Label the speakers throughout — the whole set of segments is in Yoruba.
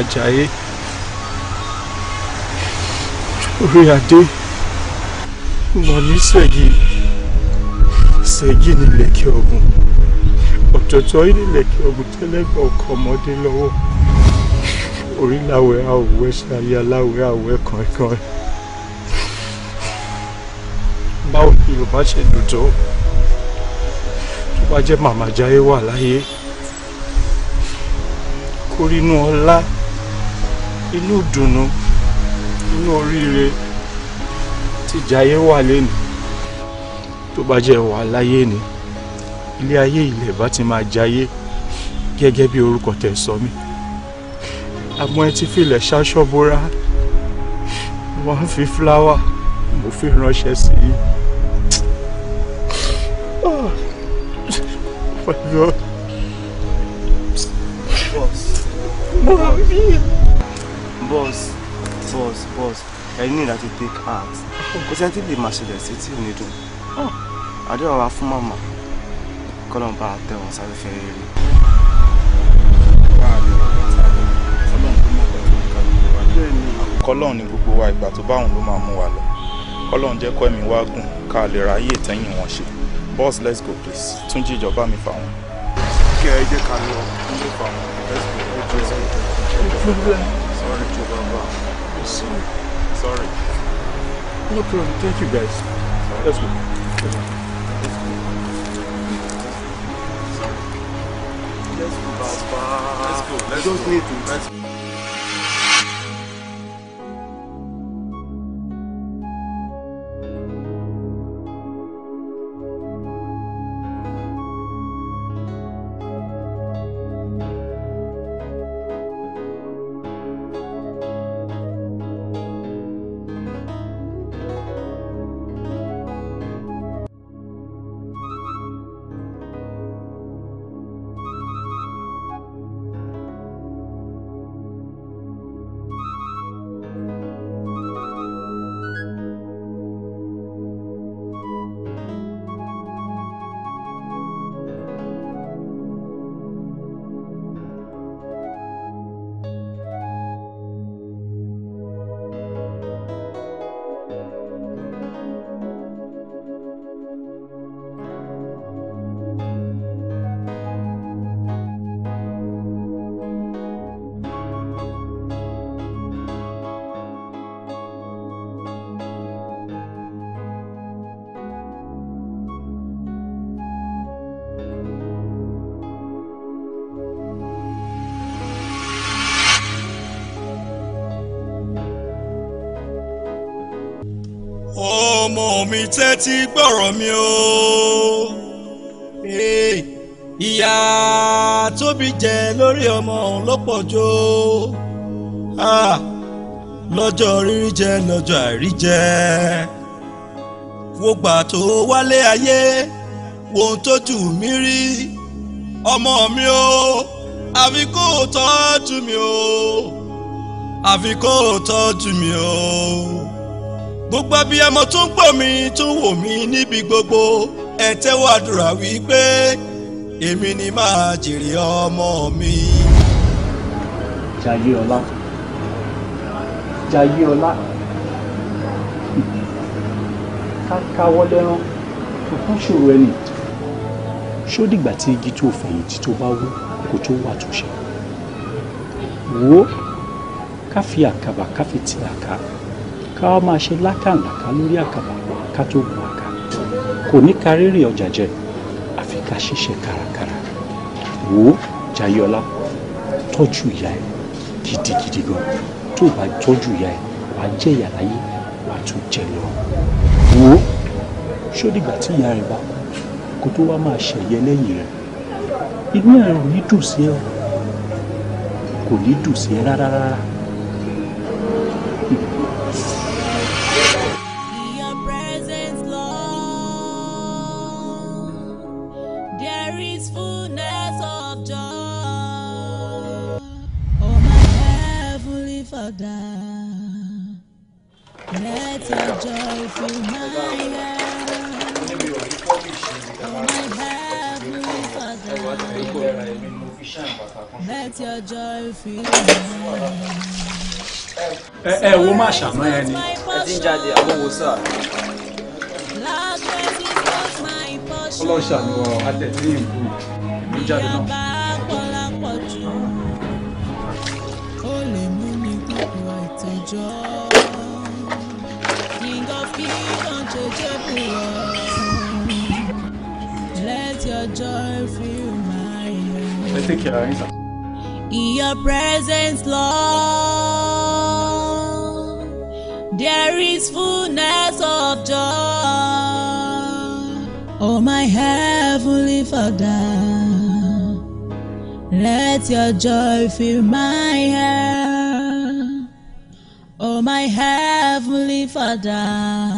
Speaker 1: Àjàyí orí adé mọ̀ ní Ṣèyí Ṣèyí nílẹ̀kẹ̀ Ògún ọ̀tọ̀ọ̀tọ̀ nílẹ̀kẹ̀ Ògún tẹ́lẹ̀gbọ̀n ọkọ̀ ọmọdé lọ́wọ́ orí láwẹ̀ àwòwẹ́ ṣayé aláwẹ̀ àwẹ̀ kankan báwo ni Yorùbá ṣe dùn tó tó bá jẹ́ Màmá Jayé wà láyé kórínú ọlá inú ìdùnnú inú oríire tí Jayé wà lẹ́nu tó bá jẹ́ wà láyé ni ilé ayé ilẹ̀ bá ti máa jayé gẹ́gẹ́ bí orúkọ tẹ̀ sọ mí àmọ́ ẹ ti filẹ̀ ṣaṣọ bora wọ́n á fi fúláwà mo fi ránṣẹ́ sí i. Oh my God. Boss. Mommy boss boss boss ẹ ní láti take heart kò sẹ́ni tí lè máa ṣẹlẹ̀ sí tí ò ní dùn ah. àdúrà wa fún màmá kọ́lọ́n bá tẹ wọn on, fẹ́ rere. kọ́lọ́n ni gbogbo wa ìgbà tó bá òun ló máa mú wa lọ kọ́lọ́n jẹ́ kọ́ ẹ̀mí wa gùn ká lè ráyè tẹ́yìn wọn ṣe boss let's go please túnjí ìjọba mi fà wọn. kí ẹ jẹ́ ká lọ
Speaker 2: ilé fà wọn let's go let's go.
Speaker 1: Sorry. No problem. Thank you, guys. Let's go. Let's
Speaker 2: go. Let's go. Let's go. Let's go. Let's go. Let's go. Let's go. Let's go.
Speaker 1: tẹ́tí gbọ́rọ̀ mi o. ìyá tóbi jẹ lórí ọmọ òun lọ́pọ̀ jò ah, lọ́jọ́ rírí jẹ lọ́jọ́ àìrí jẹ wo gbà tó wálé ayé wo ohun tójú mi rí ọmọ mi o àfi kó tọ́jú mi o àfi kó tọ́jú mi o gbogbo abiyamọ tó ń gbọ́ mi tó ń wò mí níbi gbogbo ẹ tẹ́wọ́ àdúrà wípé èmi ni màá jèrè ọmọ mi. jayé ọlá jayé ọlá kákáwọ́ lẹ́rán nǹkan ṣòro ẹni ṣó dìgbà tí igi tó fẹ̀yìntì tó bá wú kò tó wà tó ṣe wò ó ká fi àkàbà ká fi ti àká ká wá máa ṣe lákàlàkà lórí àkàbà ká tó gun àga kò ní ka rírìn ọjà jẹ àfi ká ṣiṣẹ́ kárakára wò ó Jayọ̀lá tọ́jú ìyá ẹ gidigidi gan tó bá tọ́jú ìyá ẹ wàá jẹ́ ìyà láyé wàá tún jẹ lọ wò ó ṣó tí ìyá rẹ bá kó tó wá máa ṣẹ̀yẹ lẹ́yìn rẹ inú ẹ̀rù ní dùn sí ẹ kò ní dùn sí ẹ rárá rárá. má ṣàná yẹn ni.
Speaker 3: ẹ ti ń jáde àwọn wo
Speaker 1: ọlọ́ṣà ni ọ adẹ̀tí ìlú ìlú jáde náà.
Speaker 4: let your joy fill my
Speaker 3: heart.
Speaker 1: Take care,
Speaker 4: In your presence, Lord. There is fullness of joy. Oh, my heavenly Father, let your joy fill my heart. Oh, my heavenly Father,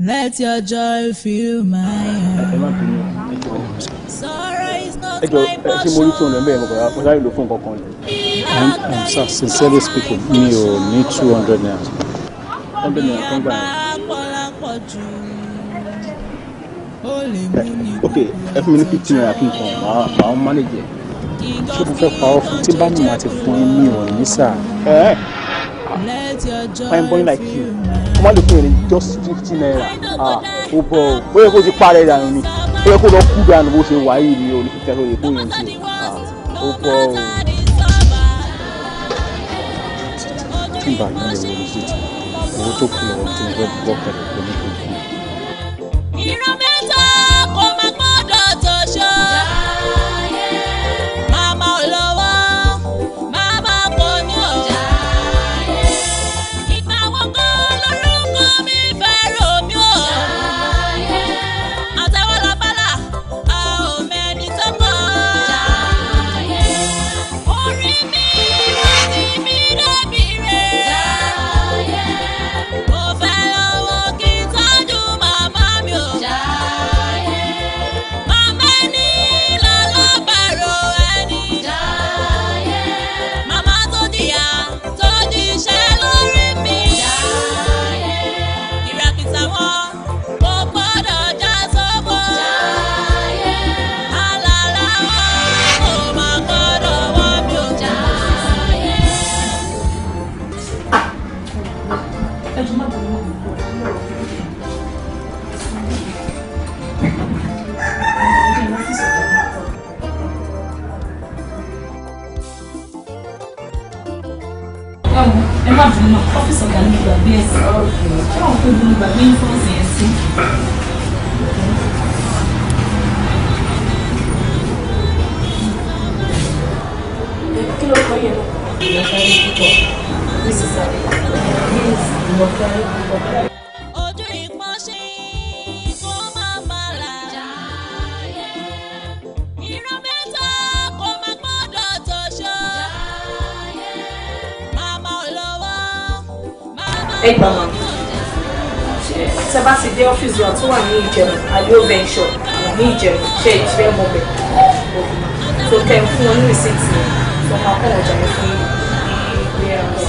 Speaker 4: let your joy fill my heart. Sorrow is
Speaker 1: not my portion. I'm, I'm sir, sincerely speaking, mi ò ní two naira. hundred naira kan gbà yẹn. Eh, ok ẹ fún mi ní fifteen naira kí n kàn máa máa manage ẹ ṣé mo fẹ́ pa fún tí bá ní màá ti fún yín mi ò ní sà. fine eh, ah, boy like you kó má lè fún yẹn ní just fifteen naira ah, ó bọ̀ ọ́ ó yẹ kó ti parẹ́ dànù ni ó yẹ kó lọ kú dànù bó ṣe wáyé ni ò ní fífẹ́ lóye kó yẹn ti ah, ó bọ̀ ọ́. báyìí ní ìwé rìsíìtì owó tó kù lọ́wọ́ tí mo fẹ́ bọ́ pẹ̀lú pẹ̀lú.
Speaker 3: Pronto, Duda, minha influência. Precisava. É assim. Isso, não quero. ẹgbà máa tẹ bá ti dé ọ́fíìsì wa tó wà ní ìjẹun àlẹ́ ó bẹ́ẹ̀ ṣọ ní ìjẹun ṣe ìṣe mọ bẹ̀ tó kẹ́ ń fún wọn ní rìsíìtì tó máa kọ́ ọ̀jà yẹn fún
Speaker 2: ìwé
Speaker 1: ẹ̀kọ́.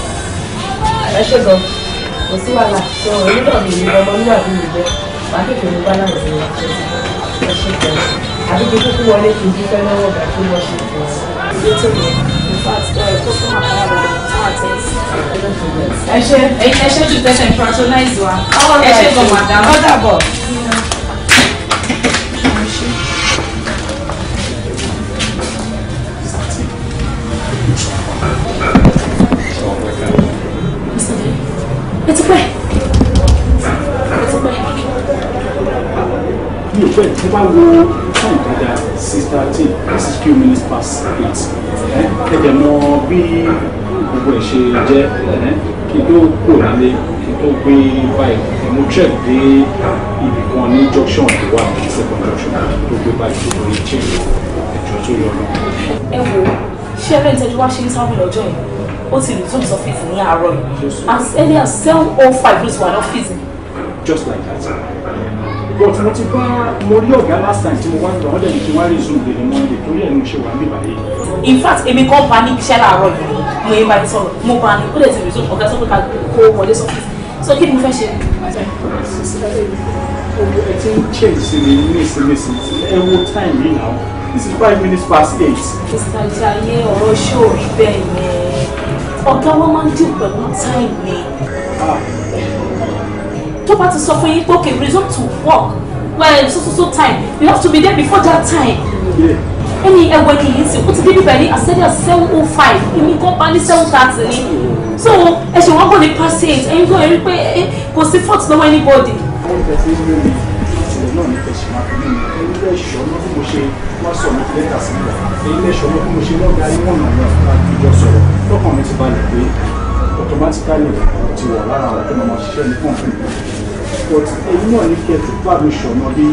Speaker 3: ẹ ṣe gan kò sí wàhálà tó onídọ̀ mi ìlú
Speaker 1: ọmọ nígbà bí mi
Speaker 3: jẹ wàá kékeré ní balance wa ẹ ṣe gan àbí kúkú wọlé kí n dúpẹ́ lọ́wọ́ ọ̀gá tó wọ́n ṣe fún wa ẹ ṣe ẹ ṣe ju tẹsẹ̀ patronize wa ẹ ṣe gan madam. ó dàbọ̀. It's a way. It's a way. You know, when people will find that sister thing, this is few minutes
Speaker 1: past eight. Eh? They can know be gbogbo ẹ̀ ṣe jẹ́ kí n tó kò lálé kí n tó gbé báyìí mo check dé ibì kan ní junction tó wà ní second junction tó gbé báyìí tó lórí chain ìjọ tó yọ lọ.
Speaker 3: ẹ wo ṣé ẹlẹ́yìn tẹ́jú wá ṣe ń sáwọn lọ́jọ́ yìí ó ti lù tóun
Speaker 1: sọ́fíìsì ní àárọ̀ yìí as early
Speaker 3: as seven oh five ló ti wà lọ́fíìsì.
Speaker 1: just like that but mo ti bá mo rí ọ̀gá last time tí mo wá nígbà wọ́n dẹ̀ ní kí wọ́n á rí zoom lè ní monday
Speaker 3: torí ẹ̀ ní ṣe wà níbàyè. in fact èmi kan bá níbi iṣẹ́ láàárọ̀ yìí mo yẹ báyìí sọ̀rọ̀ mo bá ní ó lè ti rìsọ́ọ̀tì ọ̀gá sọ pé ká kó wọlé sọ́fíìsì so kí ni mo fẹ́ ṣe.
Speaker 1: ẹ ti ń change sí mi ní ìsinmi sí ẹ wo time yìí náà this is five minutes past eight.
Speaker 3: mr jaye ọ̀rọ̀ ṣó rí bẹ́ẹ̀ yẹn ọ̀gá wa máa ń dì pẹ̀lú time ni tó bá ti sọ fún yín pé okay result to work well so so so time you have to be there before that time. Yeah ẹni ẹwẹ ni yìí sí ó ti débi bẹ̀rẹ̀ àṣẹ́dẹ̀ seven oh five èmi kan bá ní seven thirty ni so ẹ ṣe wọ́n bọ̀ ní passage, eight ẹ̀yin kan rí pé kò sí fault lọ́wọ́ anybody.
Speaker 1: àwọn ìfẹ́ sí ilé mi ìṣẹ̀lẹ̀ náà ní kẹ̀sì máa fi mí ẹ̀yin lẹ́ ṣọ́ náà bí mo ṣe wá sọ mi lẹ́tà sí ìgbà ẹ̀yin lẹ́ ṣọ́ náà bí mo ṣe wọ́n darí wọ́n náà náà àjọ automatically ti wọ̀ lára àwọn tó máa ṣiṣẹ́ ní kọ̀ǹpì but ẹ̀yin náà ní kẹ́ẹ̀tì bá mi ṣọ̀ náà bí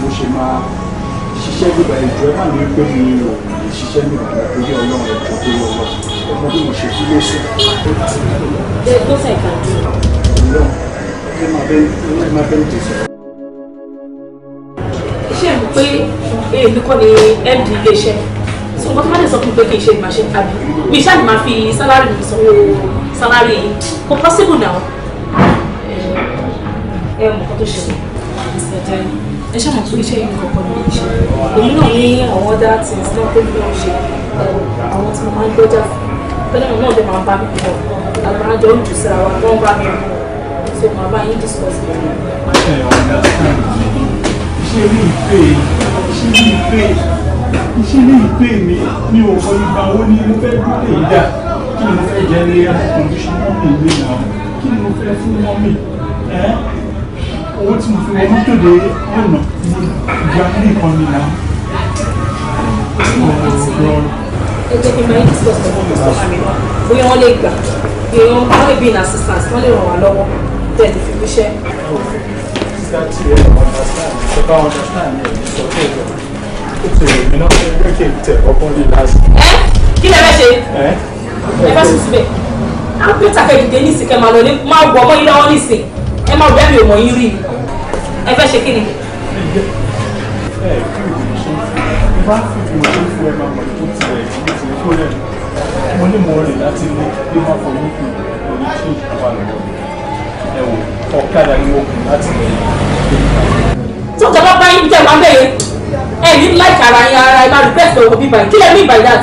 Speaker 1: mo ṣe máa ṣiṣẹ́ nígbà ìjọ ẹ má ní pé mi ò lè ṣiṣẹ́ nígbà ìgbàgbé ọlọ́run ẹ̀jọ̀ tó yọ lọ ọmọ bí mo ṣe fi lé sí. ṣé
Speaker 3: tó sẹ̀ kàn tí. ọlọ́run ẹ máa bẹ ẹ máa bẹ ń tẹ̀sẹ̀. ṣé mo pé eh, èmi kọ́ ni md iléeṣẹ́ tí mo bá tẹ́ sọ fún mi pé kì í ṣe ìgbà ṣe tàbí mi ṣáà ní máa fi sálárì mi oh, sanwó sálárì yìí kò possible now. Eh, ẹ mọ̀ kó tó ṣe ẹ ṣáà mọ̀ pé iṣẹ́ yìí kọ̀ọ̀kan ni mo ṣe èmi náà ní àwọn dá tins náà pé mi náà ṣe àwọn tí mo máa ń gbọ́jà fún pẹ́lẹ́ mi náà dé máa bá mi pọ̀ àgbàràjọ ń jù síra wa wọ́n bá mi pọ̀ so màá bá yín discuss it. ṣe ilé ìpè ṣe ilé ìpè ṣe ilé ìpè mi mi ò kọ ìgbà wo ni mo fẹ́ dúpẹ́ ìdá kí ni mo fẹ́ jẹ́ lé
Speaker 1: àkójúṣe mọ́mì ìgbé náà kí ni mo fẹ́ fún mọ́mì ẹ́ owó tí mo fi wọ mọ́tò dé ọ̀nà ìgbà nìkan ni na ẹ jẹ́ kí
Speaker 3: n máa ń discuss
Speaker 1: pẹ̀lú mr amina
Speaker 3: bóyá wọ́n lè gbà pé wọ́n lè be in assistance wọ́n lè ràn wá lọ́wọ́ tẹ̀ lè fi ríṣẹ́. kí lè fẹ́ ṣe
Speaker 1: ẹ fẹ́ sùn síbẹ̀
Speaker 3: á pé tàfẹ́ dìde nísìkẹ́ máa lọ ní máa wọ̀ ọmọ yìí lọ́wọ́ nísìkẹ́ ẹ máa bẹ́ẹ̀ mi ò mọ̀ yín rí ni
Speaker 1: ẹ fẹ́ ṣe kí ni. mo ní mo rìn láti ilé bí wọ́n fọ yín kù lórí tí ìjọba wà lọ́wọ́ ẹ wò ọ̀kadà ni mo kù láti lè.
Speaker 3: tó kọ́ bá bá yín jẹ́ wá bẹ́ẹ̀
Speaker 1: ẹ̀ ní láìka ara yín ara ẹ̀ máa rí bẹ́ẹ̀
Speaker 3: sọ̀rọ̀ bíbá kí lè mí by that.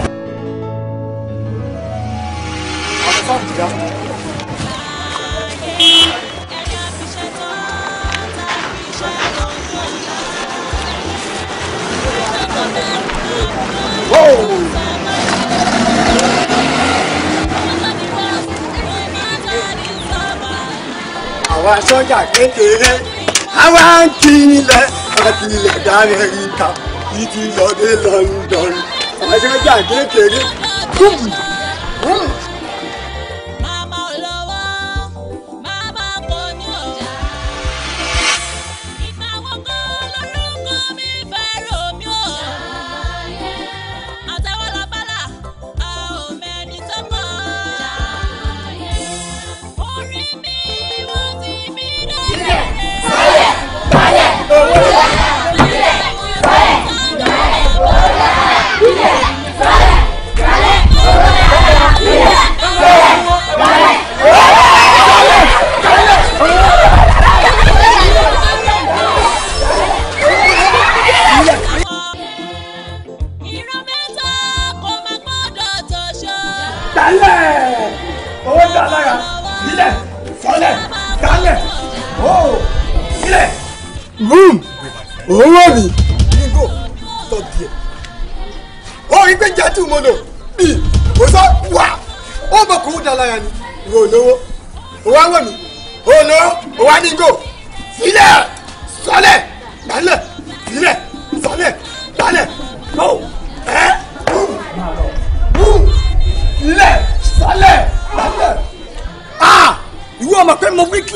Speaker 2: àwa
Speaker 1: sọ́jà kékeré àwa ń kí ilẹ̀ àti ilẹ̀ d'Amẹ́ríkà ìdí lọ́dẹ London àwa sọ́jà kékeré kúbùdù.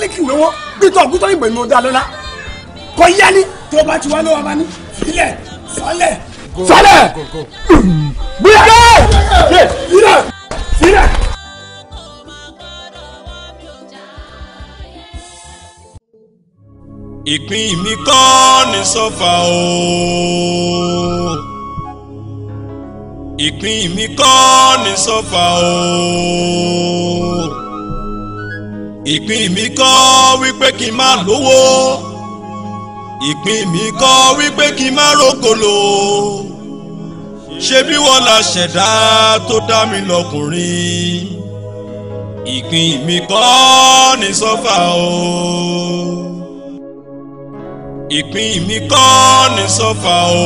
Speaker 1: ní kìwé wọn bí tó ọ̀gùtọ̀ ìgbè ní ọ̀dà lọ́la kọ yá ni tó bá ti wá lọ́wọ́ bá ní sílẹ̀
Speaker 2: sọlẹ̀ sọlẹ̀ gbígbé sílẹ̀ sílẹ̀.
Speaker 1: ìpín mi kọ́ ni sọ́fà ooo ìpín mi kọ́ ni sọ́fà ooo ìpín mi kọ́ wípé kí n má lówó ìpín mi kọ́ wípé kí n má rógolo ṣé bí wọ́n la ṣẹ̀dá tó dá mi lọ́kùnrin ìpín mi kọ́ ní sọ́fà o ìpín mi kọ́ ní sọ́fà o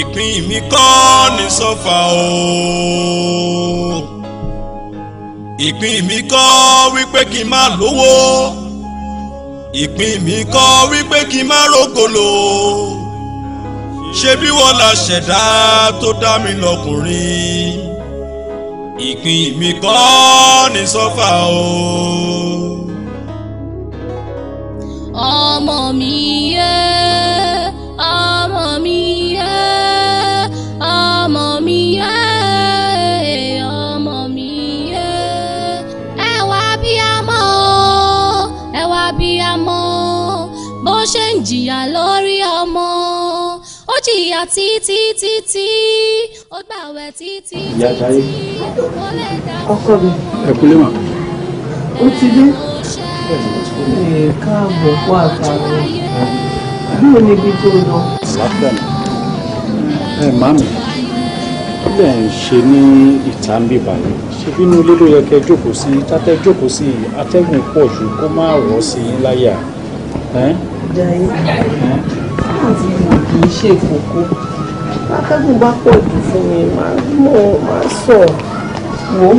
Speaker 1: ìpín mi kọ́ ní sọ́fà o ìpín mi kọ́ wípé kí n má lówó ìpín mi kọ́ wípé kí n má rógòlò ṣé bí wọ́n la ṣẹ̀dá tó dá mi lọ́kùnrin ìpín mi kọ́ ní sọ́fà
Speaker 5: o. ọmọ mi yé ọmọ mi yé. jìyà lórí ọmọ ó jìyà títí títí ó gbàwẹ̀
Speaker 1: títí títí ó lè dá ọkọ mi. ẹ kúlẹ̀ mọ́. ó ti dé. ẹ káàbọ̀ kó àtàrà
Speaker 2: bí o níbi tó lọ.
Speaker 1: àlàáfíà ni ẹ má mi kí lẹ ń ṣe ní ìta ń bíbà yìí ṣe bínú ilé yẹ kẹ jókòó sí tátẹ jókòó sí atẹ́gùn pọ̀ jù kó má rọ̀ sí láyà.
Speaker 2: Àjàyí náà ti mọ̀
Speaker 1: kì í ṣe ìkókó akẹ́gùn bá pọ̀ jù fún
Speaker 3: mi mo máa sọ wo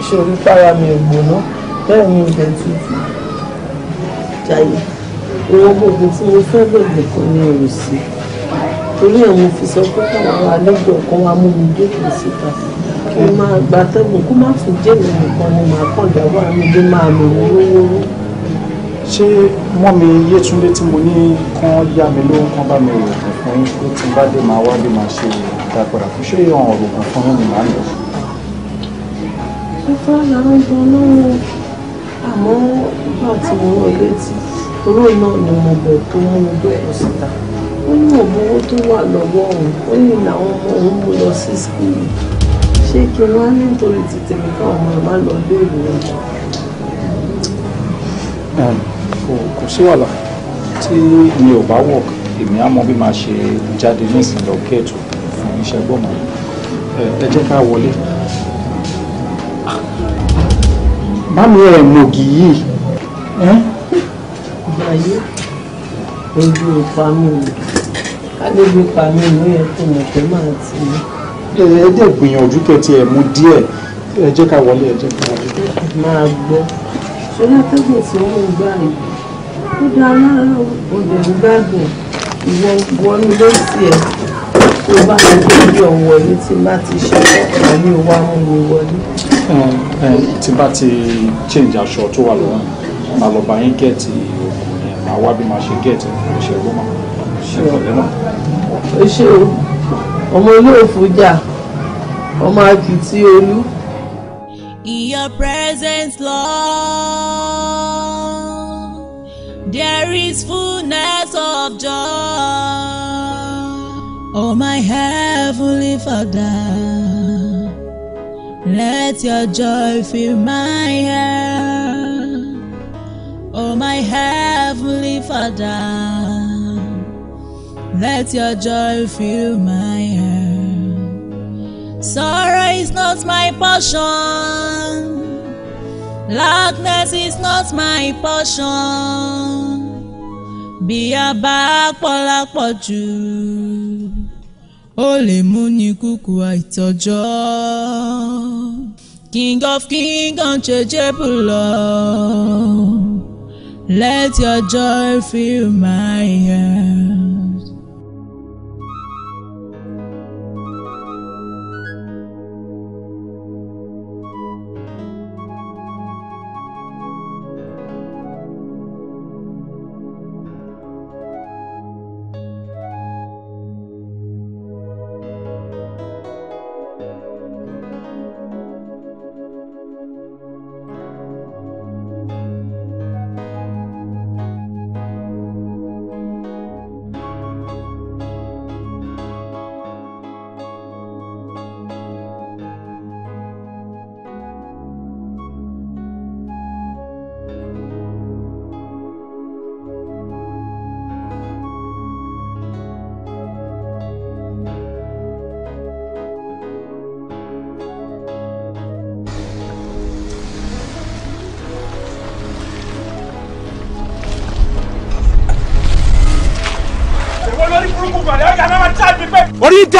Speaker 3: ìṣòro fara mi
Speaker 4: ò gbóná bẹ́ẹ̀ ni ibẹ̀ tuntun Àjàyí owó gbogbo
Speaker 3: tí mo fẹ́ bẹ̀rẹ̀ kan ní èrò sí torí ẹ̀ mo fi sọ pé káwọn ará lẹ́gbẹ̀ẹ́
Speaker 1: kan wá mú mi jókòó síta kí n máa gbatẹ́gùn kó má tún jẹ́ ìrìn nìkan ni màá kàn dá wà mí dé máa lò wórówóró ṣé mọ́mi Yétúndé tí mo ní kán yá mi lówó kán bá mi rògùn fún pé tí bá dé máa wá bí máa ṣe ìdápadà fún ṣé ìhàn rògùn fún mi máa ń lọ.
Speaker 2: ìfẹ́ yàrá gan
Speaker 3: lọ́wọ́ àmọ́ nígbà tí mo rán létí oró náà ni mo bẹ̀ tó mú un bẹ̀rẹ̀ síta ó ní òbówó tó wà lọ́wọ́ òun ó ní làwọn ọmọ òun mú lọ sí skul ṣé kí wọ́n á nítorí tètè mi ọmọ ẹ̀ má lọ lé ìlú
Speaker 1: sí wàhálà tí mi ò bá wọ̀ èmi á mọ bí màá ṣe jáde nísìnyí lọ gẹ́ẹ̀tù fún iṣẹ́ gbọ̀mọ̀ ẹ jẹ́ ká wọlé. bámi ẹ̀ mògì yìí ayé ojú ipa mi ò kálébí ipa mi ló yẹ kó mọ̀ pé máa ti mú. ẹ ẹ dẹ̀ gbìyànjú kẹtì ẹ̀ mú díẹ̀ ẹ jẹ́ ká wọlé ẹ jẹ́ ká wọlé.
Speaker 2: máa gbọ́ ṣọlá tẹ́gbẹ̀ẹ́ tí wọ́n ń gbá ìgbà
Speaker 1: tí bá ti change aṣọ tó wà lọ́wọ́ màá lọ bá yín gẹ̀ẹ́tì òkun yẹn màá wá bí màá ṣe gẹ̀ẹ́tì ìṣẹ́ ìwọ́n ṣe o ọmọ olóòfò jà ọmọ akitì
Speaker 4: In your presence, Lord. there is fullness of joy. Oh, my heavenly Father, let your joy fill my heart. Oh, my heavenly Father, let your joy fill my heart. Sorrow is not my portion. Darkness is not my portion. Bí a bá pọ́lápọ̀ jù, ó lè mú ní kúkú àìtọ́jọ́. King of kings, unchangeable Lord, let your joy fill
Speaker 2: my heart.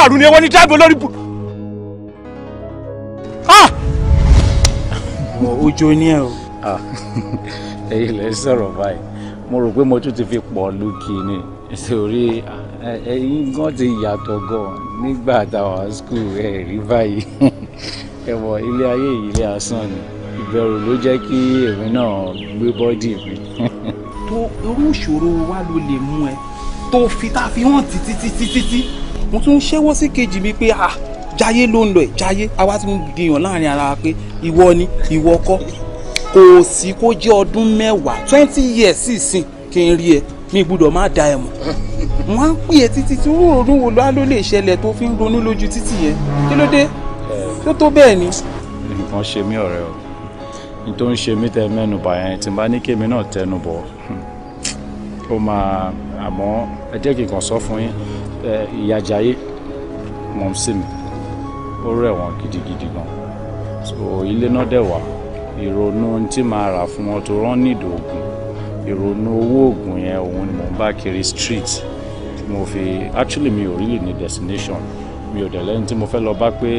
Speaker 1: dàrú ni èwo ni dáàbò lórí bù. mo ojo ní ẹ o. ẹ̀yin lè sọ̀rọ̀ báyìí mo rò pé mo tún ti fi pọ̀ lókì ni sórí ẹ̀yin gan ti yàtọ̀ gan nígbà táwọn skul ẹ rí báyìí ẹwọ ilé ayé ilé asán ni ìbẹ̀rù ló jẹ́ kí èmi náà gbé bọ́dì mi. tó irú ìṣòro wa ló lè mú ẹ tó fi tá a fi hàn títí títí títí mo tún ṣẹ́wọ́ sí kejì mi pé ah jayé ló ń lọ ẹ̀ jayé àwa ti ń dìyàn láàrin ara pé ìwọ ni ìwọ kọ́ kò sí kó jẹ́ ọdún mẹ́wàá twenty years sì sìn kí n rí ẹ mi gbúdọ̀ má da ẹ mọ̀ wọ́n á pè é títí tí ròrùn wo ló lè ṣẹlẹ̀ tó fi ń ronú lójú títì yẹn kí ló dé tó tó bẹ́ẹ̀ ni. nǹkan ṣe mí ọ̀rẹ́ o ní tó ń ṣe mí tẹ mẹ́nu bà yẹn tí n bá ní kémi náà tẹnu bọ̀ ó máa àmọ́ ẹ jẹ́ kí n kàn sọ fún yín ìyá Jayé mọ̀mísìmì ó rẹ̀ gidigidi gan so ilé náà dẹ̀ wà ìrònú tí màá rà fún wọn tó rán nídìí oògùn ìrònú owó oògùn yẹn òun ni mò ń bá kiri street tí mo fi actually mi ò really ní destination mi ò dẹ̀ lẹ́ni tí mo fẹ́ lọ bá pé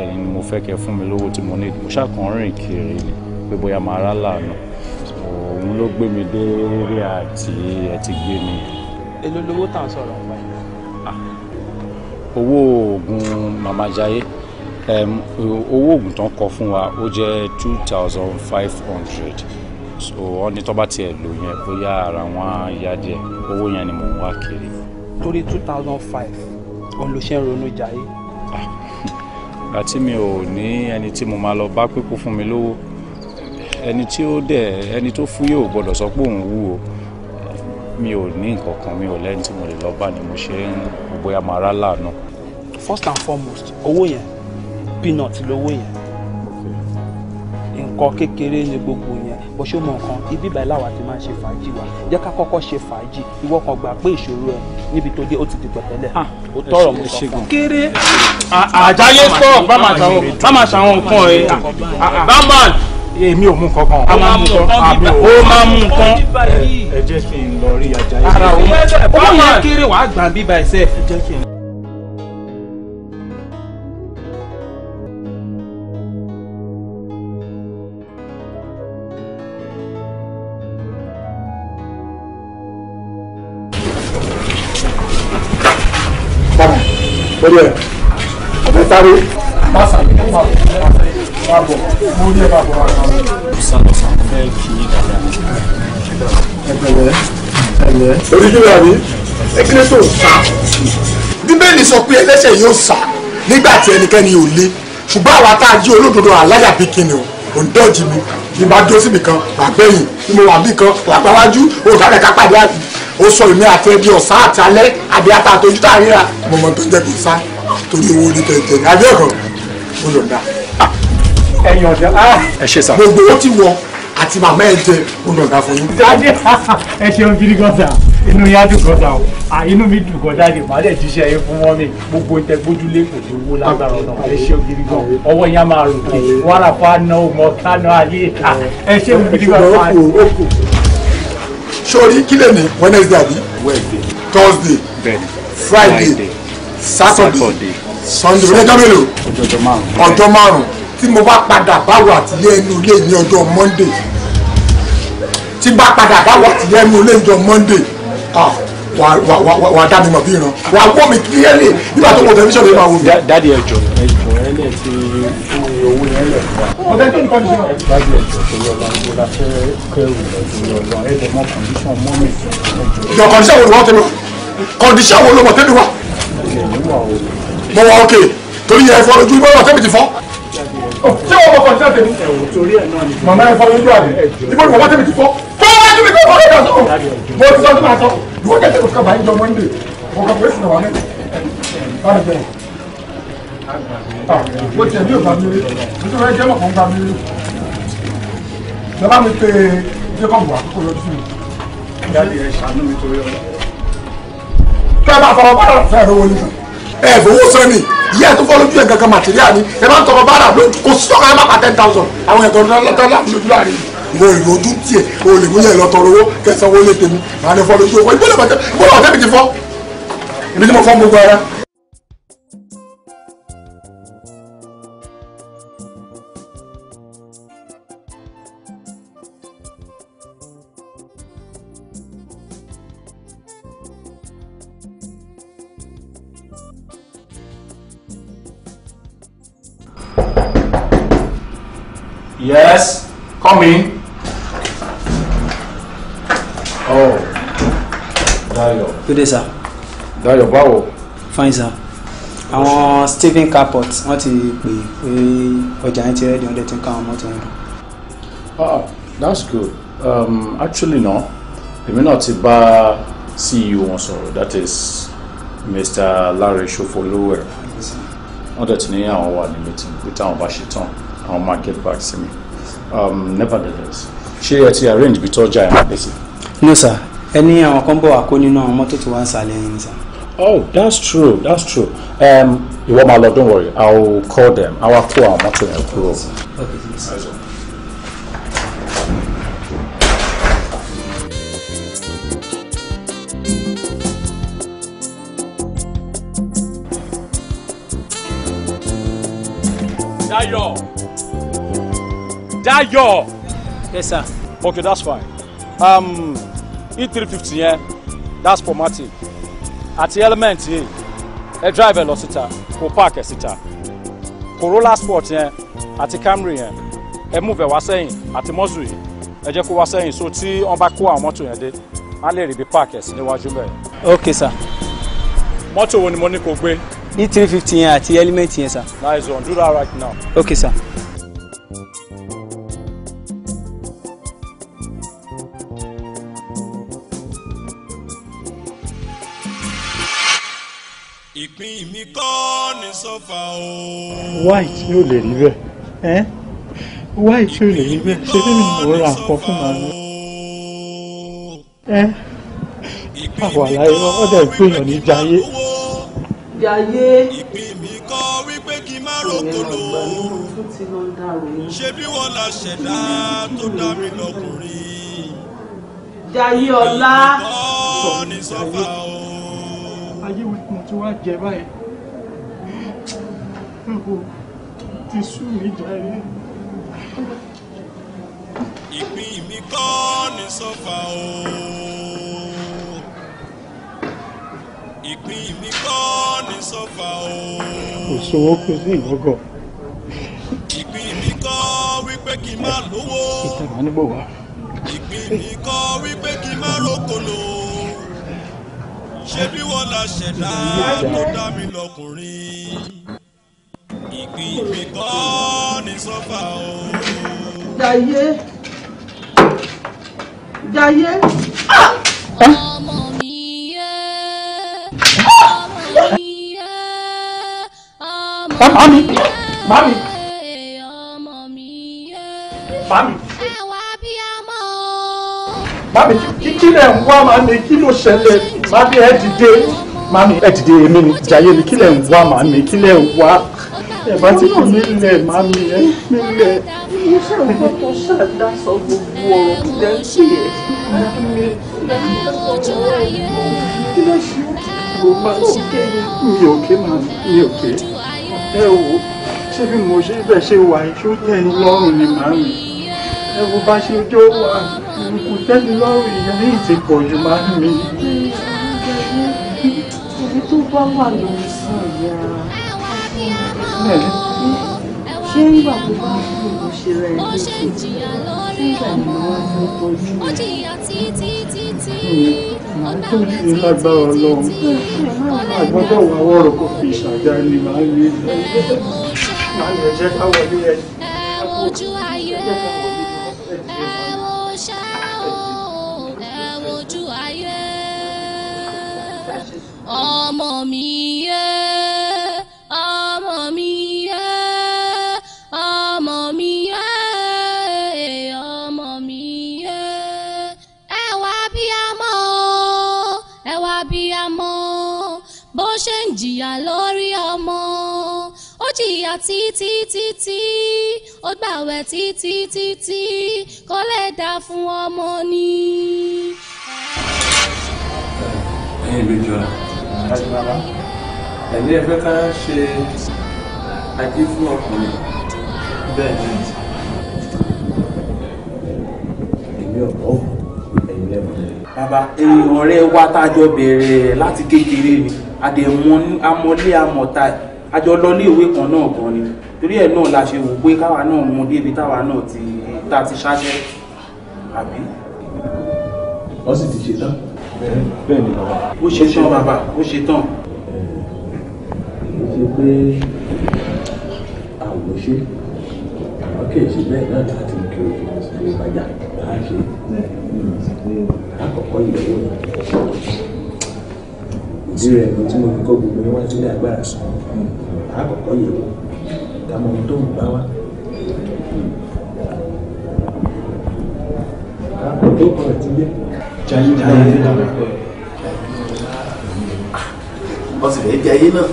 Speaker 1: ẹ̀yin ni mo fẹ́ kẹ́ fún mi lówó tí mo ní mo ṣàkàn rìn kiri ni pé bóyá màá rà láàánú òun ló gbé mi dé rí àti ẹ ti gbé mi. èlò lowó sọ̀rọ̀ owó oògùn mama jaye um, owó oògùn tó ń kọ fún wa ó jẹ́ two thousand five hundred so wọ́n ní tó bá tiẹ̀ lò yẹn bóyá ara wọn á yá díẹ̀ owó yẹn ni mò ń wá kiri. torí two thousand five òun ló ṣe ń ronú jaye. Ah, àti mi ò ní ẹni tí mo máa lọ bá pípọ̀ fún mi lówó ẹni tí ó dẹ̀ ẹni tó fúyẹ́ ò gbọ́dọ̀ sọ pé òun wú o mi ò ní nǹkan kan mi ò lẹ́ni tí mo lè lọ bá ni mo ṣe ń bóyá màá rà láàánú. first and foremost owó yẹn peanut lówó yẹn nǹkan kékeré ni gbogbo yẹn bó ṣe mọ nǹkan ibi ìbàyí làwa ti máa ṣe fàájì wa jẹ́ ká kọ́kọ́ ṣe fàájì ìwọ kan gbà pé ìṣòro ẹ níbi tó dé ó ti di pẹ̀tẹ́lẹ̀ ah, ó tọrọ mú sọ fún un. kéré àjáyé sọ bá máa ṣàwọn nǹkan ẹ
Speaker 2: ah, ah, bá máa
Speaker 1: èmi ò mú nǹkan kan ó máa mú mú nǹkan ẹ jẹ́ kí n lọ rí ajá yìí. ara òun ó yẹ kéré wàá gbà bíbá ẹsẹ̀. ẹ orí ẹ ọbẹ sáré má sáré má bọ mo rí ẹ má bọ ara rẹ. mo sá fẹ́ kí dáadáa oríjú rẹ̀ àbí ẹgbẹ́ tó sá. bíbélì sọ pé ẹlẹ́ṣẹ̀ yóò sá nígbà tí ẹnikẹ́ni ò lé ṣùgbọ́n àwa tá a jí olódodo aláyà bí kìnìún ò ń dọ́ọ̀jì mi bí bá dó síbi kan àgbẹ̀yìn bí mo wà bí kan àgbáwájú òògá rẹ̀ ká pàdé àbí ó sọ èmi àti ẹbí ọ̀sán àti alẹ́ àbí ata àtọ́jú tá a ríra mọ̀mọ́ tó ń jẹ́ kó sá torí owó ní tẹ̀tẹ̀ ní abẹ́ ọ̀kan ó lọ dá. ẹ̀yin ọ̀dọ́ ah! ẹ ṣe sá. gbogbo ti wọ àti màmá ẹ jẹ olùdá fún yín. dáadé ẹ ṣeun gidi gọ́dà inú yín á dùn gọ́dà o inú mi dùn gọ́dà dè má lè jíṣẹ́ yín fún wọn mi gbogbo tẹ gbójúlé kò tó wó lágbára ọ̀nà ẹ ṣeun gidi gan ọwọ́ yín á máa rò pé wàrà fà ná o mọ kánú ayé ẹ ṣeun gidi gọ́dà. sori kí lè wednesday àbí thursday friday
Speaker 5: saturday
Speaker 1: sunday ọjọ́ márùn-ún tí mo bá padà báwo àtìlẹ́ ẹnu ilé ní ọjọ́ Monday tí bá padà báwo àtìlẹ́ ẹnu ilé ọjọ́ Monday wà á dá mi mọ̀ bí ìran wà á wọ́ mi clearly nígbà tó wọ tẹlifíṣàn mi máa wò mí. dáàdi ẹ jọ ẹ jọ ẹ lẹ ti fún owó yẹn lẹ fún wa. ọ̀dẹ́ tó jọ torí ọlá ń gbọ́dá fẹ́ kẹrù lọ́dún ọlá ẹ jẹ mọ mọ́ mi. yọ kọ́ndíṣàn wo ló wọ́n tẹ́lẹ̀ wá kọ́ndíṣàn wo ló wọ́n tẹ́lẹ̀ wá. mo wà ókè torí ẹ fọ́ ojú ìbọn wọ́n tẹ́lẹ̀ ti fọ́. Oh, ṣé wọn kọkàn ṣáà tèmi. màmá ẹ fọ lójú àbí ibo ni màmá tèmi ti fọ fọ wájú mi kò fọ lójú àtọ mo ti sọ fún àtọ ìwọ jẹ tẹkọtù kaba ìjọ mọ́ndé ọkọ pé sinna wà mẹ́ta báyìí bẹ́ẹ̀. mo tiẹ̀ bí o bá mi rí nítorí ẹ jẹ́ mọ̀ kó ń bá mi rí. bàbá mi pe jacob wà kó lọ sí mi. jáde ẹ ṣàánú mi torí ọ. kẹ́ ẹ bá fọwọ́ bá fẹ́ẹ́ rówó nígbà. ẹ fowó sẹ́ni yíyá tó fọ́ lójú ẹ̀ kankan màtíríà ni ẹ máa ń tọrọ bára lójú kò sí tọ́ka ẹ má pa ten thousand àwọn ẹ̀tọ́ lọ́tọ́ láàmú lójú láàrin mo ìlú ojú tiẹ̀ o lè mú yẹn lọ́tọ̀ owó kẹsàn-án owó lé tèmi màá ní fọ́ lójú owó ìbúlẹ̀ bàtẹ́
Speaker 2: ìbúlẹ̀ bàtẹ́ mi ti fọ́ ibi tí mo fọ́ gbogbo ara
Speaker 1: mi. ọ oh. Dayọ̀. Good day, sir. Dayọ̀ báwo.
Speaker 3: Fine sir. àwọn Stephen Carport
Speaker 1: wọ́n ti pè pé ọjà yẹn ti rẹ́dí wọ́n dẹ̀ mọ́tò yẹn ah that's good um, actually no èmi náà ti bá CEO wọn sọ̀rọ̀ that is Mr. Larry Sofolowe wọ́n dẹ̀ ti ní àwọn wà ní meeting pé táwọn bá ṣe tán àwọn máa get back sí mi um, nevertheless ṣé ẹ ti arrange bí tọ́jà ẹ̀ máa pèsè. no sir ẹ ní àwọn kan bọ̀ wá kó nínú àwọn mọ́tò tó wà ń sàlẹ̀ yín sir. oh that's true that's true um, ìwọ máa lọ don't worry i will call them i will kó àwọn mọ́tò yẹn kúrò. okay, okay. Dayo. Yes, sir. Okay, that's fine. Um, E350 yeah, that's for At the element yeah, a driver ẹ sita, síta, kò park ẹ Corolla Sport yeah, at the Camry yeah, a move ẹ wá at the Mọ́sù yìí, ẹ jẹ́ kó wá sẹ́yìn. So tí wọ́n bá kó àwọn mọ́tò yẹn dé, á park ẹ sí níwájú bẹ́ẹ̀. Okay, sir. Moto wo ni mo ní kó E350 yeah, at the element yeah sir. Nice one, do that right now. Okay, sir. obìnrin mi kọ́ ní sọ́fà o. wáì tí ò lè rí bẹ́ẹ̀ wáì tí ò lè rí bẹ́ẹ̀ ṣé bẹ́ẹ̀ ni mo ra nǹkan fún màmí. àwa láyé ọ̀dọ̀ ìgbéyàn ní jayé. jayé ṣe bí wọn la ṣẹ̀dá tó dá mi lọ́kùnrin. jayé ọlá. ayé wípé ti wá jẹ báyìí ẹ̀wọ̀ ti sú mi jáde. ìpín mi kọ́ ni sọ́fà o
Speaker 2: ìpín mi kọ́ ni sọ́fà o. kò sówó kò
Speaker 1: sí ìgbọ́gọ̀. ìpín mi kọ́ wípé kí n má lówó. ìtàgbà níbò wá. ìpín mi kọ́ wípé kí n má rókòlò ṣé bí wọ́n la ṣẹ̀dá tó dá mi lọ́kùnrin ìpín mi kọ́ ní sọ́fà o. Jàyé
Speaker 5: Jàyé. Ah! ọmọ mi yẹ ah! ọmọ mi yẹ ah, ọmọ
Speaker 1: mi yẹ ọmọ mi yẹ mami kíkí lẹ̀ ń wá mami kí ló ṣẹlẹ̀ mami ẹ dìde mami ẹ dìde èmi ni jayé mi kí lẹ̀ ń wá mami kí lẹ̀ ń wá ẹ bá ti kú nílẹ̀ mami ẹ nílẹ̀. mo ṣàkóso tó ṣàdásọ gbogbo ọ̀rọ̀
Speaker 2: kí lẹ́ ń pè é mami
Speaker 1: kí lẹ́ ṣe ó máa ń ké mi ò ké mami mi ò ké ẹ wò ṣé bí mo ṣe bẹ́ẹ̀ ṣe wà iṣó tẹ̀ ń lọ́rùn ni màmí ẹ wo bá ṣe jó wà kò tẹ́mi lọ́rùn ìyẹn ní ìtìpọ̀ jù máa ń mi.
Speaker 5: ibi tó bá wà ló ń ìyá ṣé nígbà tó bá fún òun ṣe rẹ lóṣù nígbà ni wọn fẹ́ tọ́jú rẹ.
Speaker 2: màá tọ́jú ní
Speaker 1: lágbára Ọlọ́run àgbọ́dọ̀ wà wọ́rọ̀ kó fi ṣàjà ni màá rí i. màá lè jẹ́ ká wọlé ẹ̀.
Speaker 5: ojú ayé. ọmọ mi yé ọmọ mi yé ọmọ mi yé ọmọ mi yé ẹ wá bí a mọ̀ ẹ wá bí a mọ̀ bó ṣe ń jìyà lórí ọmọ ó jìyà títí títí ó gbàwẹ̀ títí títí kó lè dá fún ọmọ ni.
Speaker 1: Hey, Bridgewater àti bàbá ẹ̀yin ẹgbẹ́ ká ṣe ajé fún ọkùnrin bẹ́ẹ̀ ni
Speaker 2: èmi ọ̀pọ̀ ẹ̀yin lẹ́mọ̀.
Speaker 1: bàbá ẹ̀yin ọ̀rẹ́ wa tá a jọ bẹ̀rẹ̀ láti kékeré ni àdèmọ́ amọ̀lé amọ̀ta àjọ lọ ní ìwé kan náà gan ni torí ẹ̀ náà la ṣe wò pé káwa náà mú débi táwa náà ti ta ti ṣáṣẹ́ àbí. wọ́n sì ti ṣe tán bẹ́ẹ̀ ni bàbá. ó ṣe tán bàbá ó ṣe tán. ó ṣe pé àwọn ṣe
Speaker 2: àwọn kì í ṣe bẹ́ẹ̀ náà láti kí o fi ṣe ìbàjá bá a ṣe
Speaker 1: àkọ́kọ́ ìyẹ̀wò náà. ìdí rẹ̀ ló tí mo fi kọ́ gbogbo wá sílé agbára sọ àkọ́kọ́ ìyẹ̀wò kàmọ́ tó ń bá wa. Thank you jẹ ayé náà wọ́n sì fẹ́ jẹ ayé náà.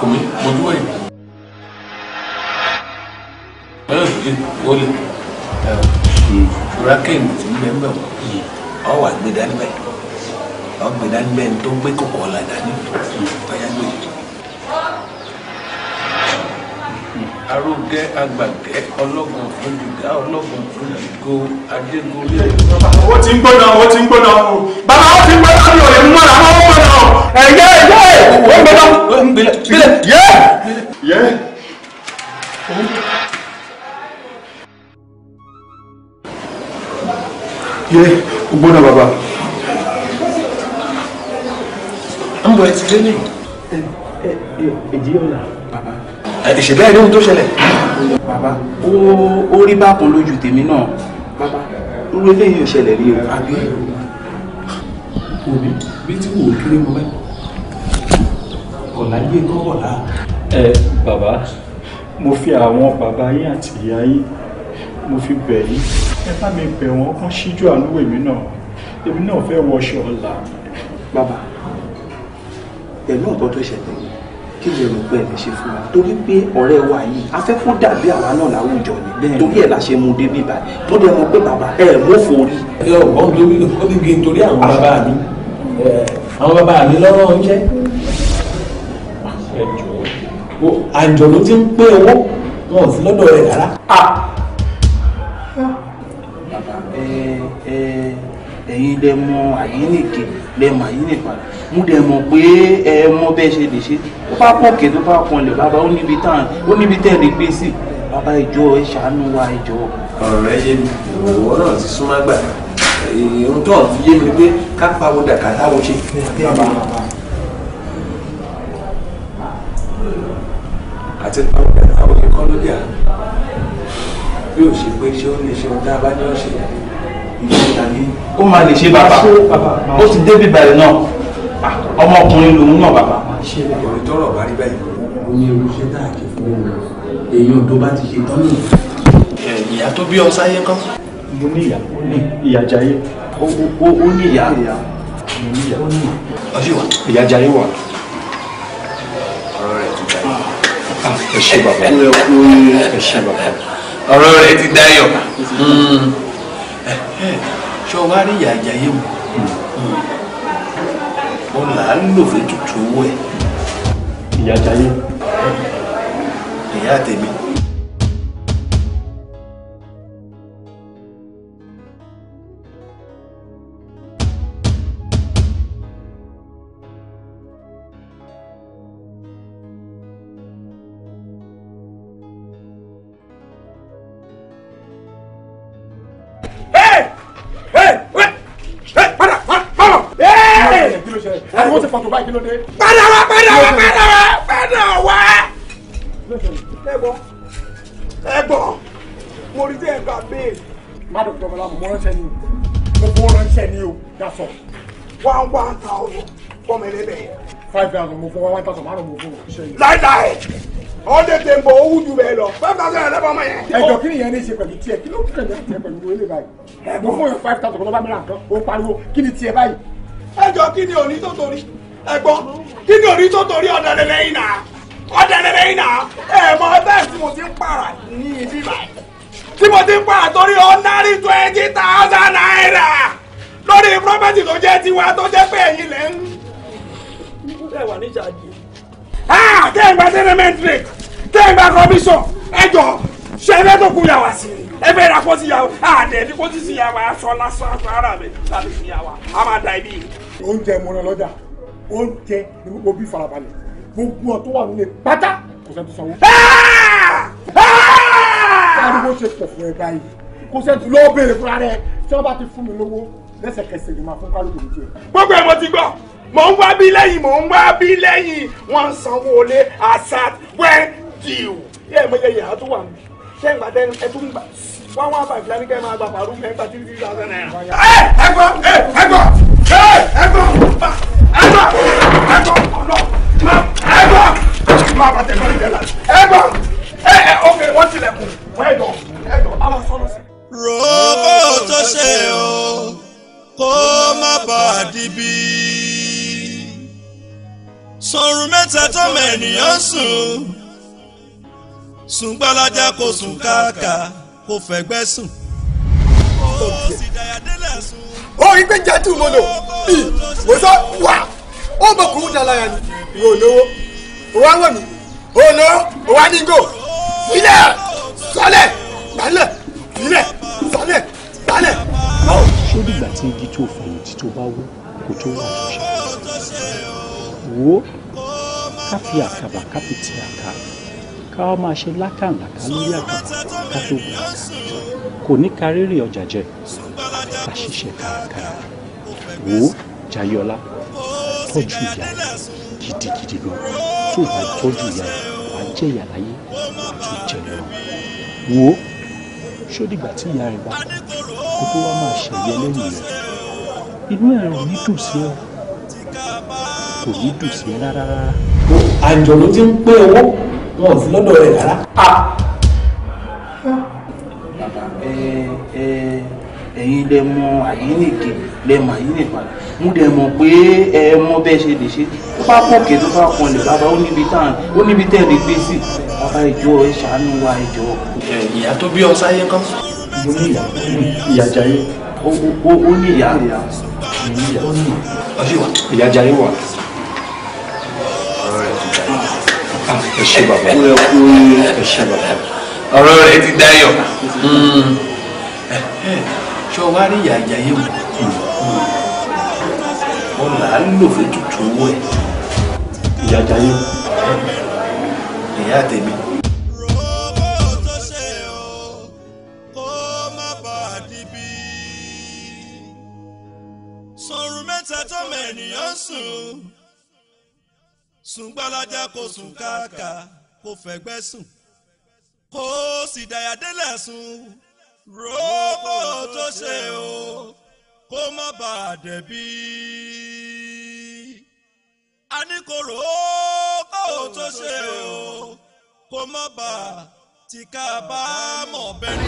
Speaker 2: Kòmí, mo dúró yìí. Bẹ́ẹ̀ ni wọlé. Ìrora
Speaker 1: kéèmù ti ń bẹ ń bẹ̀ wọ́n. Ọ wà gbé dání bẹ́ẹ̀. Ọ gbé arógẹ́ agbàgẹ́ ọlọ́gùn olùgá ọlọ́gùn olùgó adégúnlé. ó ti ń gbóná ó ti ń gbóná o bàbá ó ti ń gbóná mi ò lè mú ọ̀nà àwọn ọmọ náà ẹ̀yẹ ẹ̀yẹ ó ń gbóná. bílẹ̀ yẹ yẹ. gbóná bàbá. ń bọ̀ ẹ ti dé ní. ẹ ẹ èjì yóò là ẹ̀ṣẹ̀ bẹ́ẹ̀ ní ohun tó ṣẹlẹ̀. bàbá ó rí bákan lójú tèmi náà bàbá irú eléyìí ò rí o. àbí òbí bí tí wò ó kéré mọ́ bẹ́ẹ̀ ọ̀la yé kọ́kọ̀lá. ẹ bàbá mo fi àwọn bàbá yín àti ìyá yín mo fi bẹ̀ yín ẹ bá mi bẹ̀ wọ́n kán síjú àánú èmi náà èmi náà fẹ́ wọṣọ ọ̀la. bàbá pẹ̀lú nǹkan tó ṣẹlẹ̀ kí lè rò pé ẹ̀mí ṣe fún wa torí pé ọ̀rẹ́ wa yìí afẹ́kọ́ dàbí àwa náà láwùjọ ni torí ẹ̀ la ṣe mú dé bíbá mo dẹ̀ mọ̀ pé bàbá ẹ̀ mú forí. ẹ ò gbọ́n torí ó ní gbé torí àwọn bàbá mi àwọn bàbá mi lọ́rọ̀ oúnjẹ. àjọ ló ti ń pé owó wọn ò sí lọ́dọ̀ rẹ̀ rárá. bàbá ẹ̀yin lẹ mọ àyín lẹ mọ àyín mo dẹ̀ mọ̀ pé ẹ mọ bẹ́ẹ̀ ṣe lè ṣe tó bá pọ̀ kẹ́ tó bá pọnlẹ̀ bàbá ó níbi tán ó níbi tẹ̀ lè gbé sí bàbá ìjọ ẹ ṣàánú wa ìjọ. ọ̀rọ̀ ẹ yé mi ìwọ náà ti súnmọ́ àgbà ohun tó ń fi yé mi pé ká pawọ́ dà ká táwọn ṣe. àti pawọ́ dà táwọn ṣe kọ́ lóde à bí ò ṣe pé ṣé ó lè ṣe ohun tá a bá ní ọ̀ṣẹ̀ ìṣẹ̀dá ní. ó máa lè ṣe bàbá
Speaker 2: ó ti dé bíbá náà.
Speaker 1: Ah, ọmọkùnrin lòun náà bàbá. ṣé ọkùnrin tọrọ bá rí báyìí. o ní ewu ṣe tá a kì fún òun èèyàn tó bá ti ṣe tán nìyí. ìyá tó bí ọ sáyé kọ́. mo ní ìyá ó ní ìyá jayé ó ní ìyá mo ní ìyá ó ní ìyá. ìyá jayé wà. ọ̀rọ̀ rẹ̀ ti dayọ̀. Ah, ẹ ṣe bàbá ọ̀rọ̀ rẹ̀ ti dayọ̀. Hmm. ṣọwárí ìyá jayé wò. Hmm. Hmm ó là á lò fún tutù owó ìyá jayé. ìyá tèmi. kí ló dé. padà
Speaker 5: wá padà wá
Speaker 1: padà wá padà wá. ẹ gbọ́ ẹ gbọ́ mo rí tẹ́ ẹ gbà bẹ́ẹ̀. má dọ̀ tọ́kọ̀lá mo ránṣẹ́ ni o mo ránṣẹ́ ni o dasọ. one one thousand fọmọ ẹlẹ́bẹ̀. five thousand mo fún one one thousand márùn mo fún o. láìláì ọdẹ tẹ n bọ owó ju bẹ́ẹ̀ lọ five thousand ẹ lẹbọn ọmọ yẹn. ẹjọ́ kí ni yẹn ní í ṣe pẹ̀lú tiẹ̀ kí ló kí ni tiẹ̀ pẹ̀lú owó ilé báyìí. mo fún yẹn five thousand kọ́ńtà bá mi rà nǹkan ó pariwo kí ni tiẹ̀ báyìí. ẹjọ́ kí ni òní tó torí ẹ̀gbọ́n kí ni òní tó torí ọ̀dàlẹ̀ lẹ́yìn náà ọ̀dàlẹ̀ lẹ́yìn náà ẹ̀ mọ bẹ́ẹ̀ tí mo ti ń pààrà ní ibi báyìí tí mo ti ń pààrà torí ọ̀nàrí twenty thousand naira lórí property tó jẹ́ tiwa tó jẹ́ pé ẹ̀yin lẹ́ ń. bẹ́ẹ̀ wà ní ìjàdí. kẹ́ǹgbà settlement rate kẹ́ǹgbà commission ẹjọ́ ṣe é fẹ́ tó kú yà wá sí i ẹ bẹ́ẹ̀ ra kọ́sí yàwó àdẹ̀ ní kọ́sí sí yàwó aṣọ lásán aṣọ ara mi tàbí sí yàwó a máa da ibi. oúnjẹ mo lọ́jà oúnjẹ ní gbogbo bí farabalẹ̀ gbogbo ọ̀ tó wà nílé pátá kò sẹ́ni tó sanwó. ariwo ṣe pọ̀ fún ẹ báyìí kò sẹ́ni tó lọ́ọ́ béèrè fúnra rẹ tí wọ́n bá ti fún mi lówó lẹ́sẹ̀kẹsẹ̀ ni màá fún kálukú mi jẹ. gbogbo ẹ̀ mo ti gbọ́ mò ń wá bí lẹ́yìn mò ń wá bí lẹ́yìn wọ́n sanwó lé asat wẹ́n dìú. yẹ́ ẹ̀ mo yẹ yàrá tó wà mí ṣé ìgbà tẹ́ ẹ tún gbà wọ́n wá bàbá ìlànà kẹ́ máa gbà pàrọ̀
Speaker 2: mẹ́ta tí tí tí tí tí tí tí tí tí
Speaker 1: tí tí tí tí tí ẹgbà ẹgbà tó ṣe o kó má bàa dibi sọ̀rùn mẹ́ta tó mẹ́nìyàn sùn sùn gbalaja kò sùn káàkà kò fẹ̀gbẹ́ sùn. ó sì dàyà délẹ̀ sùn orí pé jẹ́tù mo lò mo sọ wà ó mọ̀ kúrú dá lára ni ìwọ olówó òwò àwọn mi òwò lọ́wọ́ òwò àdìgbò ilẹ̀ sọlẹ̀ gbalẹ̀ ilẹ̀ sọlẹ̀ gbalẹ̀. ṣé dìgbà tí igi tó fẹ̀yìntì tó bá wú kò tó wà lóṣà wo ká fi àkàbà ká fi ti àkàbà ká wá máa ṣe lákàlàkà lórí àkàbà ká tó gbà ká kò ní ka ọjà jẹ ká ṣiṣẹ́ kárakára wò ó jayọlá tọ́jú ìyá gidigidi gan tó bá tọ́jú ìyá wàá jẹ ìyá láyé wàá tún jẹ lọ wò ó ṣó tí ìyá rẹ bá kú kó tó wá máa ṣẹ̀yẹ lẹ́yìn rẹ inú ẹ̀rọ ní dùn sí ọ kò ní dùn sí ẹ rárá. àjọ̀lú ti ń pé owó wọn ò sí lọ́dọ̀ rẹ̀ rárá. ẹ̀yin lẹ mọ àyínnìkè lẹ mọ àyínnìkè mo dẹ̀ mọ̀ pé ẹ mọ bẹ́ẹ̀ ṣe lè ṣe tó bá pọ̀kẹ́ tó bá pọn lè bàbá ó níbi tá ó níbi tẹ̀ lè gbé sí bàbá ìjọ ẹ ṣàánú wa ìjọ. ìyá tó bí ọ sáyé kan. mo ní ìyá ìyá jayé. o ní ìyá ìyá. ó ní ìyá. ìyá jayé wà. ẹ ṣe bàbá ó yẹ kó ẹ ṣe bàbá. ọ̀rọ̀ rẹ ti dayọ̀ ṣọ wá rí yàjà yìí mọ̀ wọn là á lò fún tutù owó ẹ̀. ìyàjà yìí. ìyá tèmi. sùn gbalaja kò sùn káàkà kò fẹ̀gbẹ́ sùn kò sì dàyà délẹ̀ sùn rògbò tó ṣe o kó má bàa dẹ̀bi. a ní kò rògbò tó ṣe o kó má bàa tí ká bá mọ̀ bẹ́ẹ̀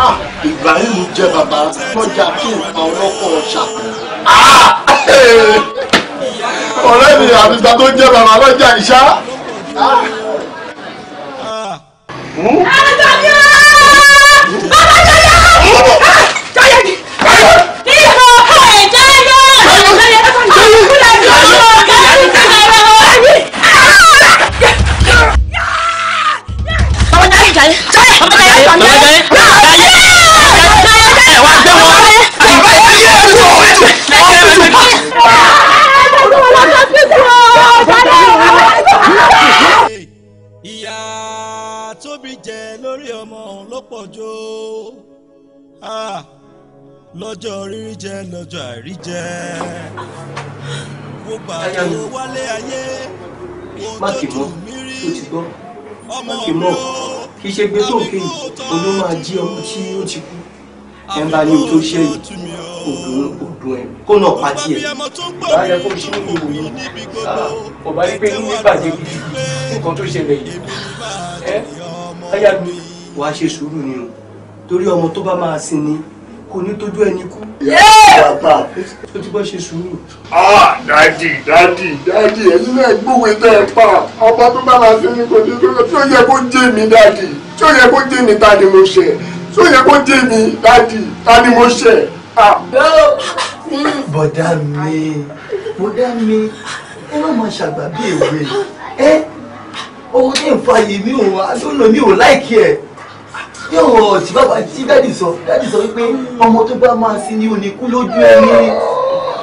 Speaker 1: ah, Ibrahim jẹ bàbá lọ́jà kí nǹkan ọlọ́kọ̀ ṣàkóso
Speaker 2: ọ̀rẹ́ mi àbíta tó jẹ́ bàbá lọ́jà ìṣá. àjọyọ̀ bàbá jọyọ̀ jọyọ̀ ìhò ẹ̀jẹ̀
Speaker 5: yọ̀ kúlẹ̀ jọyọ̀ jọyọ̀. bàbá jọyọ̀ jọyọ̀
Speaker 2: bàbá jọyọ̀ jọyọ̀.
Speaker 1: lọ́jọ́ rírí jẹ lọ́jọ́ àìrí jẹ wo pàtó wálé ayé wo tó ọmọ mi ó kì í ṣe gbé olú máa jí ọmọ tí ó ti kú ẹ bá ní tó ṣe òdùn òdùn ẹ kó náà pa tiẹ̀ báyẹ kó ṣe òwò yìí ah, ọba yìí pé ní bàjẹ́ gidi nǹkan tó ṣẹlẹ̀ yìí ẹ ayá mi wàá ṣe sùúrù nínú torí ọmọ tó bá máa sin ni kò ní tójú ẹni kú. ó ti bọ́ ṣe sùúrù. dádì dádì dádì ẹ̀yin náà gbúwe tẹ́ ẹ pa ọba tó bá máa ṣe ní kò ní tójú tí ó yẹ kó jẹ́ mi dádì tí ó yẹ kó jẹ́ mi ta ni mo ṣe tí ó yẹ kó jẹ́ mi dádì ta ni mo ṣe. Ah, bọ̀dá mi bọ̀dá mi ẹ má máa ṣàgbà bí èwe ẹ ọmọdé ń fa yèmí o àdónà mi ò láìkí ẹ yóò tí bàbá tí dáàdì sọ dáàdì sọ wípé ọmọ tó bá máa sin ni oníkú lójú ẹni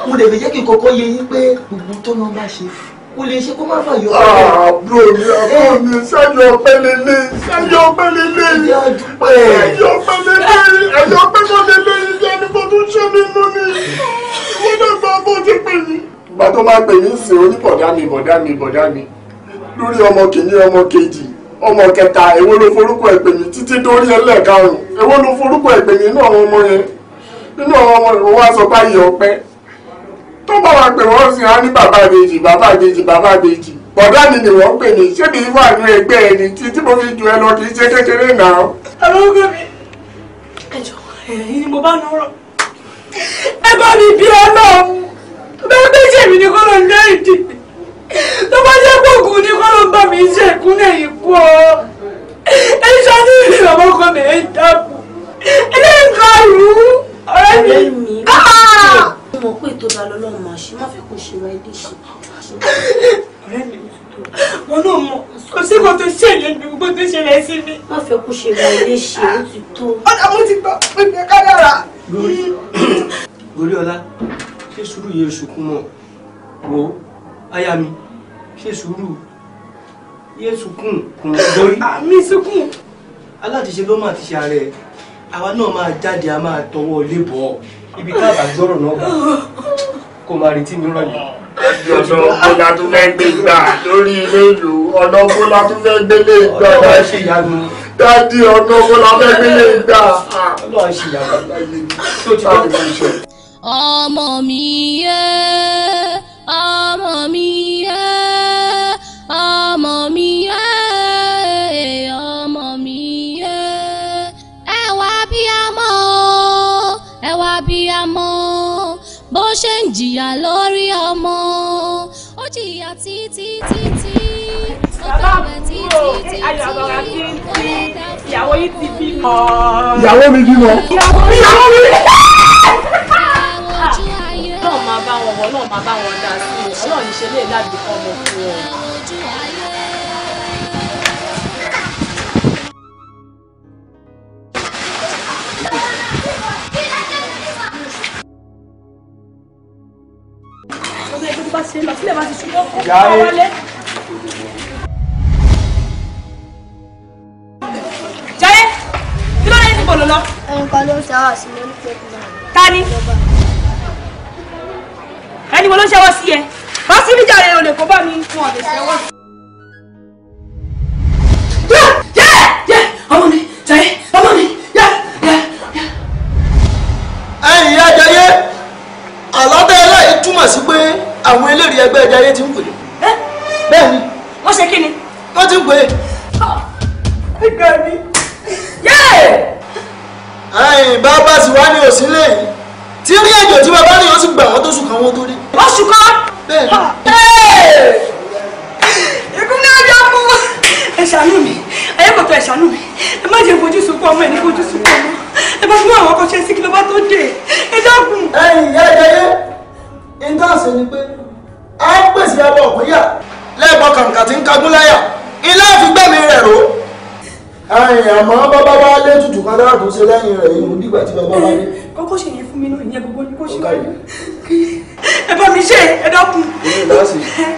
Speaker 1: mo lè fi jẹ́ kí n kọ́kọ́ yé yín pé gbogbo tó náà bá ṣe kò lè ṣe kó má fà yọ. àbúrò ah, mi àbúrò eh. mi ṣáàjọ ọpẹ lele ṣáàjọ ọpẹ lele eh, ṣáàjọ ọpẹ lele ẹjọ ọpẹ kọ lele ìjẹ ni mo tún ṣe nínú ni mo náà bá bó ti pè mí. ìgbà tó máa pè mí sí oníbọ̀dá mi bọ̀dá mi bọ̀dá mi lórí ọmọ kìíní ọmọ kejì ọmọ kẹta èwo ló forúkọ titi títí dórí ẹlẹ́ẹ̀karùn-ún èwo ló forúkọ ẹgbẹ̀yìn àwọn ọmọ yẹn àwọn ọmọ ìwọ wá sọ báyìí ọpẹ́ tó bá ní bàbá àbèjì bàbá àbèjì bàbá àbèjì ni wọ́n pè mí ṣébi wà ní ẹgbẹ́ ẹni tí mo fi ju ẹ lọ kì ṣe kékeré náà. mi ẹjọ ni mo bá nọrọ ẹ bá mi bí ni tó bá jẹ́ pé ògùn ní kọ́ ló ń bá mi ṣe ìkúnlẹ̀ yìí pọ̀ ẹni sọ ní ìlú bàbá ọkọ mi ẹ̀ ń dàpọ̀ ẹlẹ́yìn kan
Speaker 3: ọ̀rẹ́ mi. mi ah! mo mọ̀ pé ètò ìdá máa ṣe má fẹ́ kó ṣe wá ilé ṣe. ọ̀rẹ́ mi wọn náà mọ̀ kò sí kò tó ṣẹlẹ̀ ní gbogbo tó ṣẹlẹ̀ sí mi. má fẹ́ kó ṣe wá ilé ṣe ó ti tó. ọ̀dà mo ti gbọ́ pé mi ká
Speaker 1: dára. Goriola ṣé sùúrù yẹn sunkún mọ́ wo aya mi ṣe sùúrù yé sùkùn kùn lórí. àmì sùkùn. aláàtìṣe ló máa ti ṣe ààrẹ àwa náà máa jáde a máa tọwọ́ lébọ̀ ibi tá a bá gbọ́rọ̀ náà bá kó máa retí mi rọ̀yìn. ọ̀dọ̀ ọ̀gbọ́lá tó fẹ́ gbé gbà lórí ilé ìlú ọ̀dọ̀ ọ̀gbọ́lá tó fẹ́ gbélé gbà. ọ̀dọ̀ ṣe ìyanu. dáàdi ọ̀dọ̀ ọ̀gbọ́lá fẹ́ gbélé gbà. ọ̀dọ̀ ṣe
Speaker 2: ìyanu.
Speaker 5: ọmọ mi yẹ́ ọmọ mi ẹ́ ọmọ mi ẹ́ ọmọ mi ẹ́ ẹ wá bí a mọ́ ẹ wá bí a mọ́ bó ṣe ń jìyà lórí ọmọ ó jìyà títí títí
Speaker 3: ìyàwó mi bímọ.
Speaker 1: ìyàwó mi bímọ.
Speaker 3: ọ̀bọ̀ náà máa bá wọn dá sí i ọlọ́run ní ṣe lè láti kọ́ ọmọ fún wọn.
Speaker 2: Jaiye,
Speaker 3: kí ló dé ní bòlò lọ? Ẹnìkan ló ń ṣe àwọn
Speaker 2: àṣìlè oníkèéfì náà.
Speaker 3: Ta ni? ẹni wo ló ń ṣẹ́wọ́ sí ẹ bá sí níjà rẹ̀ kó bá mi fún ọ̀dẹ̀ ṣẹ́wọ́.
Speaker 1: àwọn eléyìí ẹgbẹ́ jayé ti ń pè é. bẹ́ẹ̀ ni. wọ́n ṣe kí ni. wọ́n ti ń pè é. Ah, ẹ̀yin bá bá sì wá ní òsínlẹ̀ yìí tí rí àjò tí bàbá rìn ó sì gbà wọ́n tó sùn kan ah, wọ́n tó dé. oṣù kan. bẹ́ẹ̀ni. ìkún ní ọjọ́ kú. ẹ ṣàánú
Speaker 3: mi ayé kò tó ẹ ṣàánú mi ẹ má jẹ́ fojú sunkún ọmọ ẹ ní fojú sunkún ọmọ ẹ bá fún àwọn akọ́ṣẹ́
Speaker 1: sí kí ló bá tó dé ẹ dákun. ẹ̀yin ìyá ìdáyé ìdáhùnsẹ̀ ni pé a ń pèsè abọ́ ọ̀pẹ́yà lẹ́ẹ̀bọ̀ kàǹkà tí ń kagún láyà ilé àfigbẹ́mi rẹ̀ rò ẹ̀yin àmọ́ bàbá wa lé tutù kan dára tó ṣe lẹ́yìn rẹ̀ yìí nígbà tí bàbá wa dé ọ̀gá yìí. ẹ bá mi ṣe ẹ dákun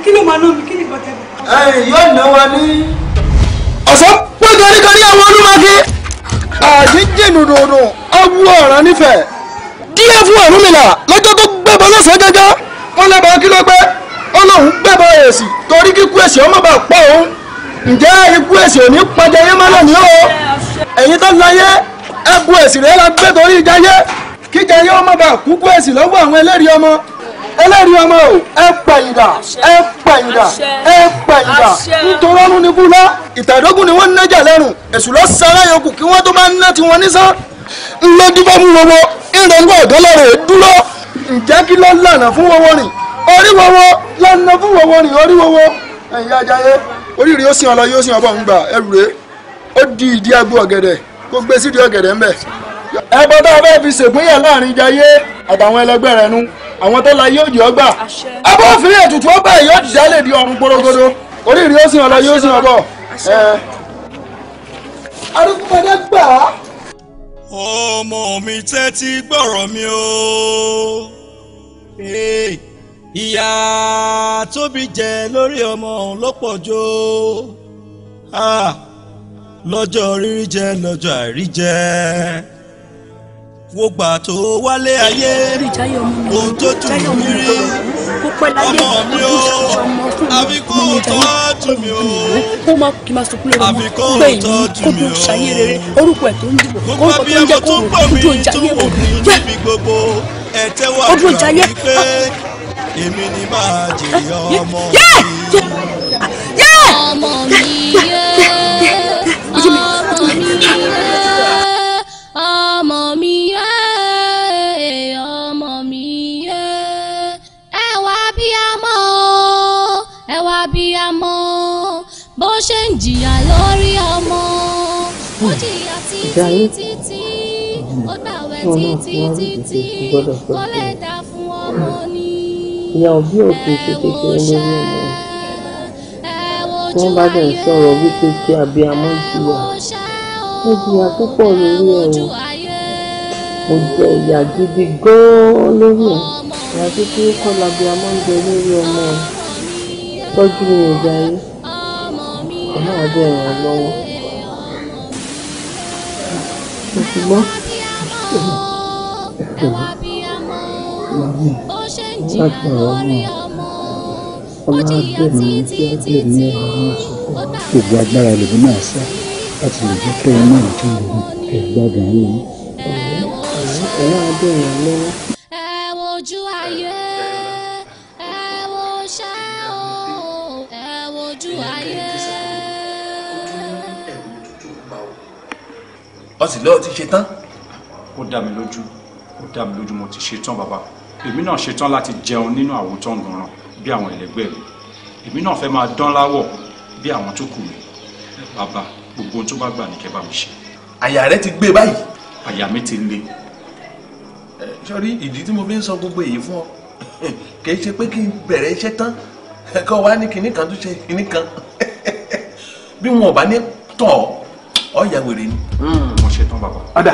Speaker 3: kí ló máa ná mi kí ni gbọ́dọ̀ ẹ. yóò ná wa ní.
Speaker 1: ọ̀sán pé gọ́rígọ́rí àwọn olúmọ̀kí àjíjì dòdòdò awú ọ̀ràn nífẹ̀ẹ́ díẹ̀ fún Ọ̀rúnmìlà lọ́jọ́ tó gbẹ́bọ lọ́sàn-án jẹ́jẹ́ wọ́n lẹ́bàá kí ló gbé ó lóun gbẹ́bọ èsì torí kíkú èsì ọmọ bá pọ̀ òun ǹjẹ́ ikú èsì ò ní pọnjẹ yé mọ́lẹ̀ ní o ẹ̀yin tó láyé ẹ bu èsì rẹ̀ la gbé torí ìjáyé kíjẹ yóò má bàa kúkú èsì lọ́wọ́ àwọn ẹlẹ́rìí ọmọ ẹlẹ́rìí ọmọ o ẹ pẹ̀yìndà ẹ pẹ̀yìndà ẹ pẹ̀yìndà nítorí ọ̀run ni kú lọ ìtàdógún ni wọ́n ń nájà lẹ́rùn èṣù lọ sára yòókù kí wọ́n tó máa ń ná tiwọn nísán ńlọ́dúnfà mú wọ́wọ́ ìrànwọ́ ọ̀dọ́ lọ́rọ̀ dúró ǹjẹ́ kí ló lànà fún wọ́wọ́ rìn orí wọ́wọ́ lànà fún wọ́wọ́ rìn orí wọ́wọ́ ẹ̀yìn ajáyé orí rí ó sìn ọ lọ yóò sìn ọ bọ̀ ń gbà ẹrù rẹ̀ ó di ìdí agbo ọ̀gẹ̀dẹ̀ kó gbé sídìí ọ̀gẹ̀dẹ̀ ńbẹ̀ ẹbọ tó fẹ́ fi ṣègbéyà láàrin jayé àtàwọn ẹlẹgbẹ́ rẹ nu àwọn tó la yóò jẹ́ ọgbà ẹbọ òfin ètùtù ọgbà yóò jìjà lè di ọrùn gbòrògbòrò oríire ó sì hàn yóò sì hàn bọ̀. arúgbọ́dá gbà ọmọ mi tẹ́tí gbọ́rọ̀ mi o ìyá tóbi jẹ lórí ọmọ òun ló pọ̀ ah, lọ́jọ́ rírí jẹ lọ́jọ́ àìrí jẹ wo gbà tó wálé ayé ohun tó tù mí rí ọmọ mi o àbí kò tọ́jú mi o kó má kí má sọkúlẹ̀
Speaker 2: ọmọ àbí kò tọ́jú tó ń
Speaker 1: dìbò orúkọ tó ń jẹ́ kó ojú ìjà yẹ kó jẹ́ pé èmi ni máa
Speaker 5: jèrè ah, ah, ọmọ mi ọmọ mi yẹ. ọ̀gá yín wọn náà fún wọn lójijì kò gbọ́dọ̀ sọ fún un ìyá òbí òkè kékeré lórí ọmọ tí wọ́n bá dẹ̀ ń sọ̀rọ̀ wípé kí
Speaker 1: abiyamọ jìyà
Speaker 2: ó jìyà púpọ̀ lórí ẹ̀rọ mo jẹ ìyà gidi gan-an lórí ẹ̀ ìyá kékeré kọ́ labiyamọ ń jẹ lórí ọmọ tọ́jú mi ìgbà yìí ọmọ àbẹ̀rẹ̀ lọ́wọ́. ṣùgbọ́n
Speaker 5: gbogbo
Speaker 1: agbára lèmi náà sá
Speaker 5: láti lè jẹ́ kẹ́rin náà tó lòun ẹ̀ gbádùn ẹ̀ lọ́wọ́. ẹ̀rọ abẹ́rẹ́
Speaker 2: lọ́wọ́.
Speaker 1: sì lọ́ọ́ ti ṣe tán. ó dá mi lójú ó dá mi lójú mo ti ṣe tán bàbá èmi náà ṣe tán láti jẹun nínú àwòtán ganran bí àwọn ẹlẹgbẹ́ mi èmi náà fẹ́ máa dán láwọ̀ bí àwọn tó kù mi bàbá gbogbo ohun tó bá gbà ní kẹ́ bá mi ṣe. àyà rẹ ti gbé báyìí. àyà mi ti le. ẹ sọrí ìdí tí mo fi ń sọ gbogbo èyí fún ọ kì í ṣe pé kí n bẹ̀rẹ̀ iṣẹ́ tán kọ́ wa ní kinní kan tó ṣe kinní kan bí wọn ò bá ní tọ̀ ọ́ yà wèrè ni. Mm ṣetán bàbá. ọ̀dà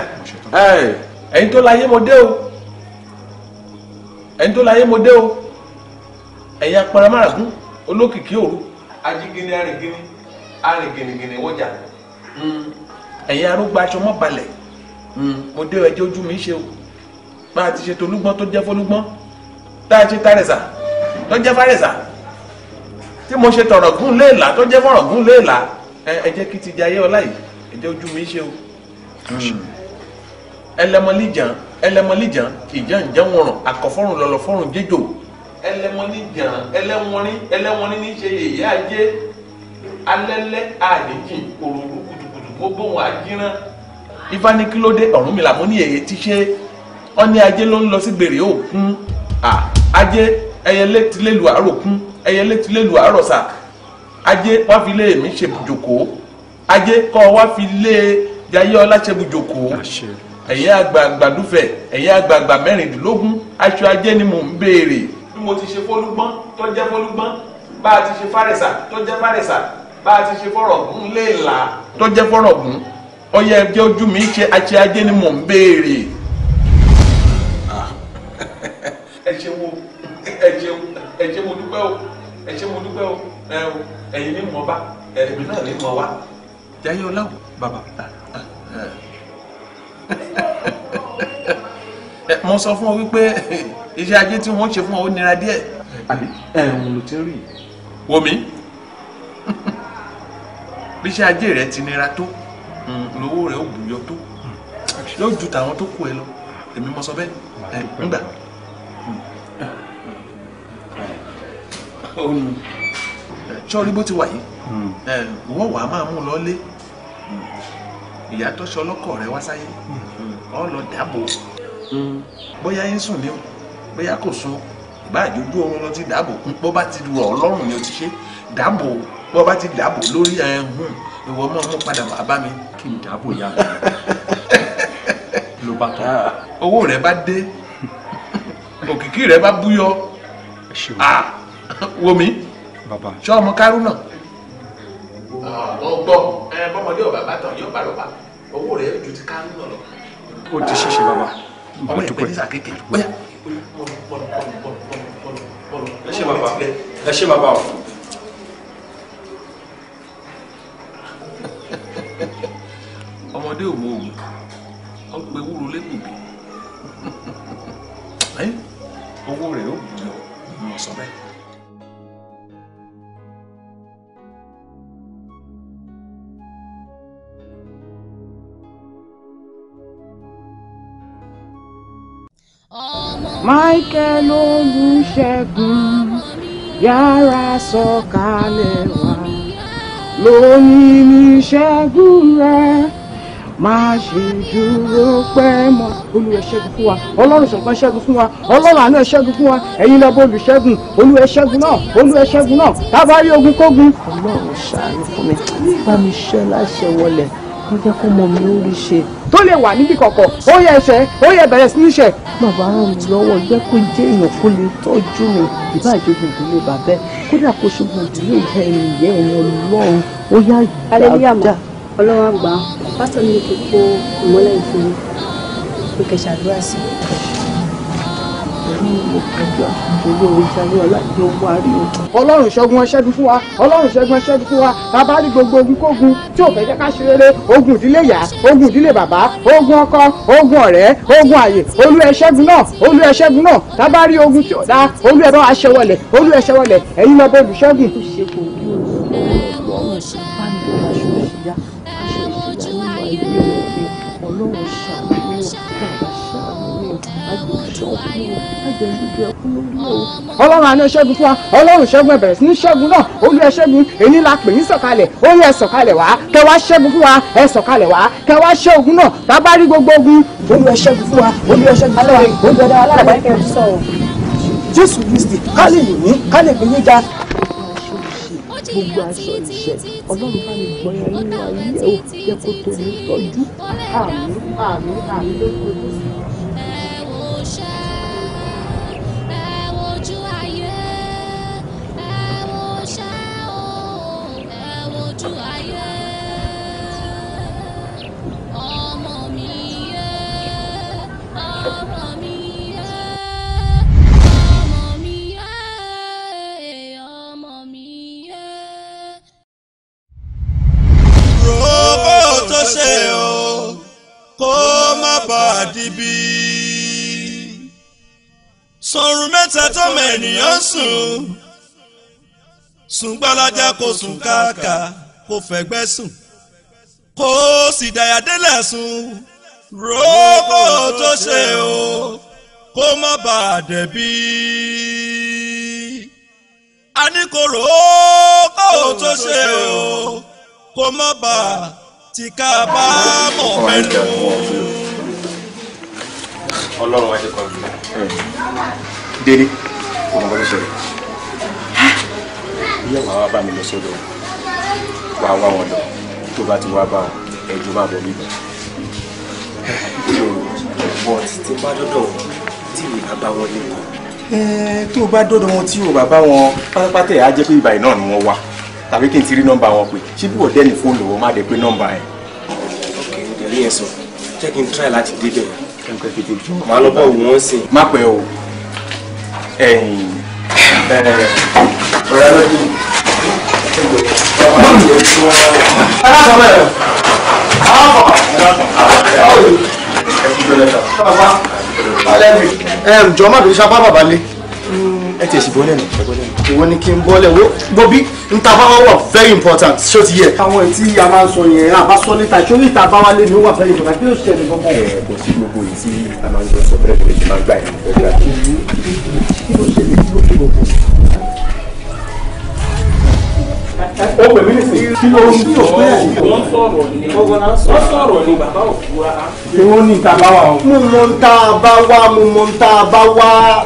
Speaker 1: ẹ̀yin tó láyé mo dé o ẹ̀yin tó láyé mo dé o ẹ̀yin aparamáragun olókìkí òru ajígini arìngini arìngìnìngìnì wọ́jà hmm. ẹ̀yin arúgbó aṣọ mọ́ balẹ̀ hmm. mo dé ẹjẹ́ ojú mi ṣe o bá a ti ṣe tolúgbọ́n tó jẹ́ fọlúgbọ́n tá a ṣe tàrẹ̀sà tó jẹ́ fàrẹ̀sà tí mo ṣe tọ̀rọ̀gùn léèlà tó jẹ́ fọ̀rọ̀gùn léèlà ẹ jẹ́ kí ti jayé ọlá yìí ẹ jẹ́ ojú mi ṣe o ẹlẹmọlíjàn ẹlẹmọlíjàn ìjàn ìjàn wọ̀ràn àkọfọ́rùn lọ́lọ́ fọ́rùn jẹ́jọ́ ẹlẹmọlíjàn ẹlẹ́wọ̀nrín ẹlẹ́wọ̀nrín ní ṣe èyí ajé alẹ́lẹ́ àdéjìn òrùlù kùtùkùtù gbogbo wọn àjírán ifá ní kí ló dé ọ̀run mi làmú ní èyí ti ṣe ọ ní ajé ló ń lọ sí gbèrè òkun ajé ẹyẹlé ti lè lu àárò kún ẹyẹlé ti lè lu àárò sà ajé wá fi lé èmi ṣe jòkó ajé kọ́ wá fi lé e jayé ọláṣẹ́bùjòkó ẹ̀yin àgbààgbà lúfẹ̀ ẹ̀yin àgbààgbà mẹ́rìndínlógún aṣọ ajé ni mò ń béèrè. bí mo ti ṣe fọlúgbọ́n tó jẹ́ fọlúgbọ́n bá a ti ṣe fárẹ̀sà tó jẹ́ fárẹ̀sà bá a ti ṣe fọ̀rọ̀gún léèlà tó jẹ́ fọ̀rọ̀gún ọyẹ ẹgbẹ́ ojú mi ṣe aṣọ ajé ni mò ń béèrè. ẹ ṣe wo ẹ ṣe ẹ ṣe mo dúpẹ́ o ẹ ṣe mo dúpẹ́ o ẹ̀yin ni mo bá ẹ̀mí náà ni mo wá. jayé ọlá Eh, mo sọ fún ọ wípé iṣẹ́ ajé tí wọ́n ṣe fún ọ ó nira díẹ̀. àbí ẹ̀hún ló ti ń rí. wo mi bí iṣẹ́ ajé rẹ ti nira tó mm, lówó rẹ ó bùyọ tó hmm. yóò ju tàwọn tó kù ẹ lọ èmi mo sọ bẹ́ẹ̀ ńgbà. sọ́ọ́rí bó ti wà yìí hmm. wọ́n wàá máa mú lọ lé ìyá tó sọ lọ́kọ rẹ wá sáyé ọ lọ dàbò bóyá yín sùn ní o bóyá kò sùn ìbáàjì ojú oorun ló ti dàbò bó bá ti rọ̀ ọlọ́run ni o ti ṣe dàbò bó bá ti dàbò lórí ẹ̀hún ìwọ ọmọ mú padà wá bá mi. kí n dàbò yá mi ló bá tán. Ah. owó rẹ bá dé òkìkí rẹ bá búyọ ah. wo mi sọ ọmọ kárú náà àwọn gbọ́ ẹ bọ́mọdé ọ̀bà bá tàn yóò bá lọ́pàá owó rẹ̀ ju ti kánú lọ lọ. ó ti ṣiṣẹ́ bàbá mo dúpẹ́ ẹ ṣé bàbá ẹ ṣé bàbá o. ọmọdé ò mọ òògùn.
Speaker 2: Michael Olúṣẹ̀gun
Speaker 3: yára sọ̀kalẹ̀ wá lóyìn níṣẹ́gun
Speaker 1: rẹ máa ṣe dúró pẹ́ mọ́ olúwa ṣẹ́gun fún wa ọlọ́run ṣọ̀kan ṣẹ́gun fún wa ọlọ́run àánú ṣẹ́gun fún wa ẹ̀yin lọ́bọ̀ olùṣẹ́gun olúwa ṣẹ́gun náà olúwa ṣẹ́gun náà tábàárí ogun kógun. ọlọ́run ṣàánú fún mi
Speaker 3: bá mi ṣẹ́ láṣẹ wọlé wọ́n jẹ́ kó mọ mi lórí ṣe tó lè wà níbi kọ̀kọ̀ ó yẹ ẹsẹ̀ ó yẹ bẹ̀rẹ̀ sí ní ṣẹ̀. bàbá ràn mí lọ́wọ́ jẹ́ kó jẹ́ èèyàn kó lè tọ́jú mi ìbá ìjọba ìdílé bàbá ẹ̀ kódà kó ṣubú ìdílé ìyá ẹ̀yìn ìyá ẹ̀yìn ọlọ́run ó yá ìgbà dá. ọlọ́wọ́ àgbà pásítọ̀ ní kókó ìmọ́lẹ̀ ìfún mi kò kẹ̀ ṣàdúrà sí i mi ìgbàgbọ́ olówó jayé ọláyé owó àrí
Speaker 1: o. ọlọ́run ṣẹ́gun ọṣẹ́gun fún wa ọlọ́run ṣẹ́gun ọṣẹ́gun fún wa bàbá ní gbogbo ogun kógun tí ò fẹ́ jẹ́ ká ṣe rere ogun ìdílé ìyá ogun ìdílé bàbá ogun ọkọ ogun ọ̀rẹ́ ogun àyè olú ẹṣẹ́gun náà olú ẹṣẹ́gun náà tábà rí ogun tí ò dá olú ẹ̀rọ aṣẹ́wọlẹ̀ olú ẹṣẹ́wọlẹ̀ ẹ̀yin lọ bọ́ olùṣẹ́gun. ọlọ́run
Speaker 2: ṣàlùyọ̀ bàbá
Speaker 5: ṣàlùyọ̀ àgbẹ̀jọ́ ẹ̀jẹ̀ ìdíje ọkùn lórí o.
Speaker 1: ọlọ́run àná ṣẹ́gun fún wa ọlọ́run ṣẹ́gun ẹ sí ní ṣẹ́gun náà olú ẹ èyí la pè ní sọ̀kalẹ̀ ó yẹ wá kẹ ṣẹ́gun fún wa ẹ wá kẹ ṣẹ́ ogun náà tábà rí gbogbo ogun olú ẹ fún wa olú ẹ fún wa olú ẹ dára lára jésù kristi ká lè yìnyín ká lè gbìyànjú ga
Speaker 3: gbogbo aṣọ ìṣẹ ọlọ́run bá mi gbọ́ nínú ayé
Speaker 5: ẹ̀ yẹ kó tó mi tọ́jú àmì àmì àmì lóko
Speaker 1: sùn sùn gbalaja kò sùn káàkà kò fẹ̀gbẹ́ sùn kò sì dàyàdélẹ̀ sùn rókò tó ṣe o kó má bàa dẹ̀bi a ní kò rókò tó ṣe o kó má bàa tìka bá mọ̀ mẹ́nu. ọlọ́run wájú kan jùlọ. dèrè ọmọ kan tó ṣẹlẹ̀ yíyá wàá bá mi lọ sọ́dọ̀ wàá wá wọn lọ tó bá ti wá bá wọn ẹjọ́ máa bọ̀ níbẹ̀ but tí bá dọ́dọ̀ wọn tí mi bá bá wọn
Speaker 2: lẹ́kọ̀ọ́.
Speaker 1: tó bá dọ́dọ̀ wọn tí o bá bá wọn pátápátá ẹ̀ á jẹ́ pé ìbàyìí náà ni wọ́n wá tàbí kí n ti rí nọ́mbà wọn pé ṣé bí ọ̀dẹ́ ni fóònù wọn má dé pé nọ́mbà ẹ̀. ok ìdẹ̀rí yẹn sọ jẹ́ kí n try láti débẹ̀. máa lọ bọ̀ wọ́n sí. má pẹ́ o ẹ̀yìn ọ̀rẹ́ jọ má bìí sapá bàbá lé ẹ ti ẹ̀sìn ìwọ ni kí n bọ́lẹ̀ wo gbóbi n ta bá wá wà very important ṣó ti yẹ. àwọn ètí a máa ń sọ yẹn a bá sọ níta ṣó níta bá wá lé mi wà very important kí ló ṣe ẹni pè mí nísìnyí kí ló ń tó pé ẹ̀ wọ́n sọ̀rọ̀ ni wọ́n sọ̀rọ̀ ni bàbá òkúra. ìwọ ni ìta bá wà mo mọ ń ta bá wá mo mọ ń ta bá wá.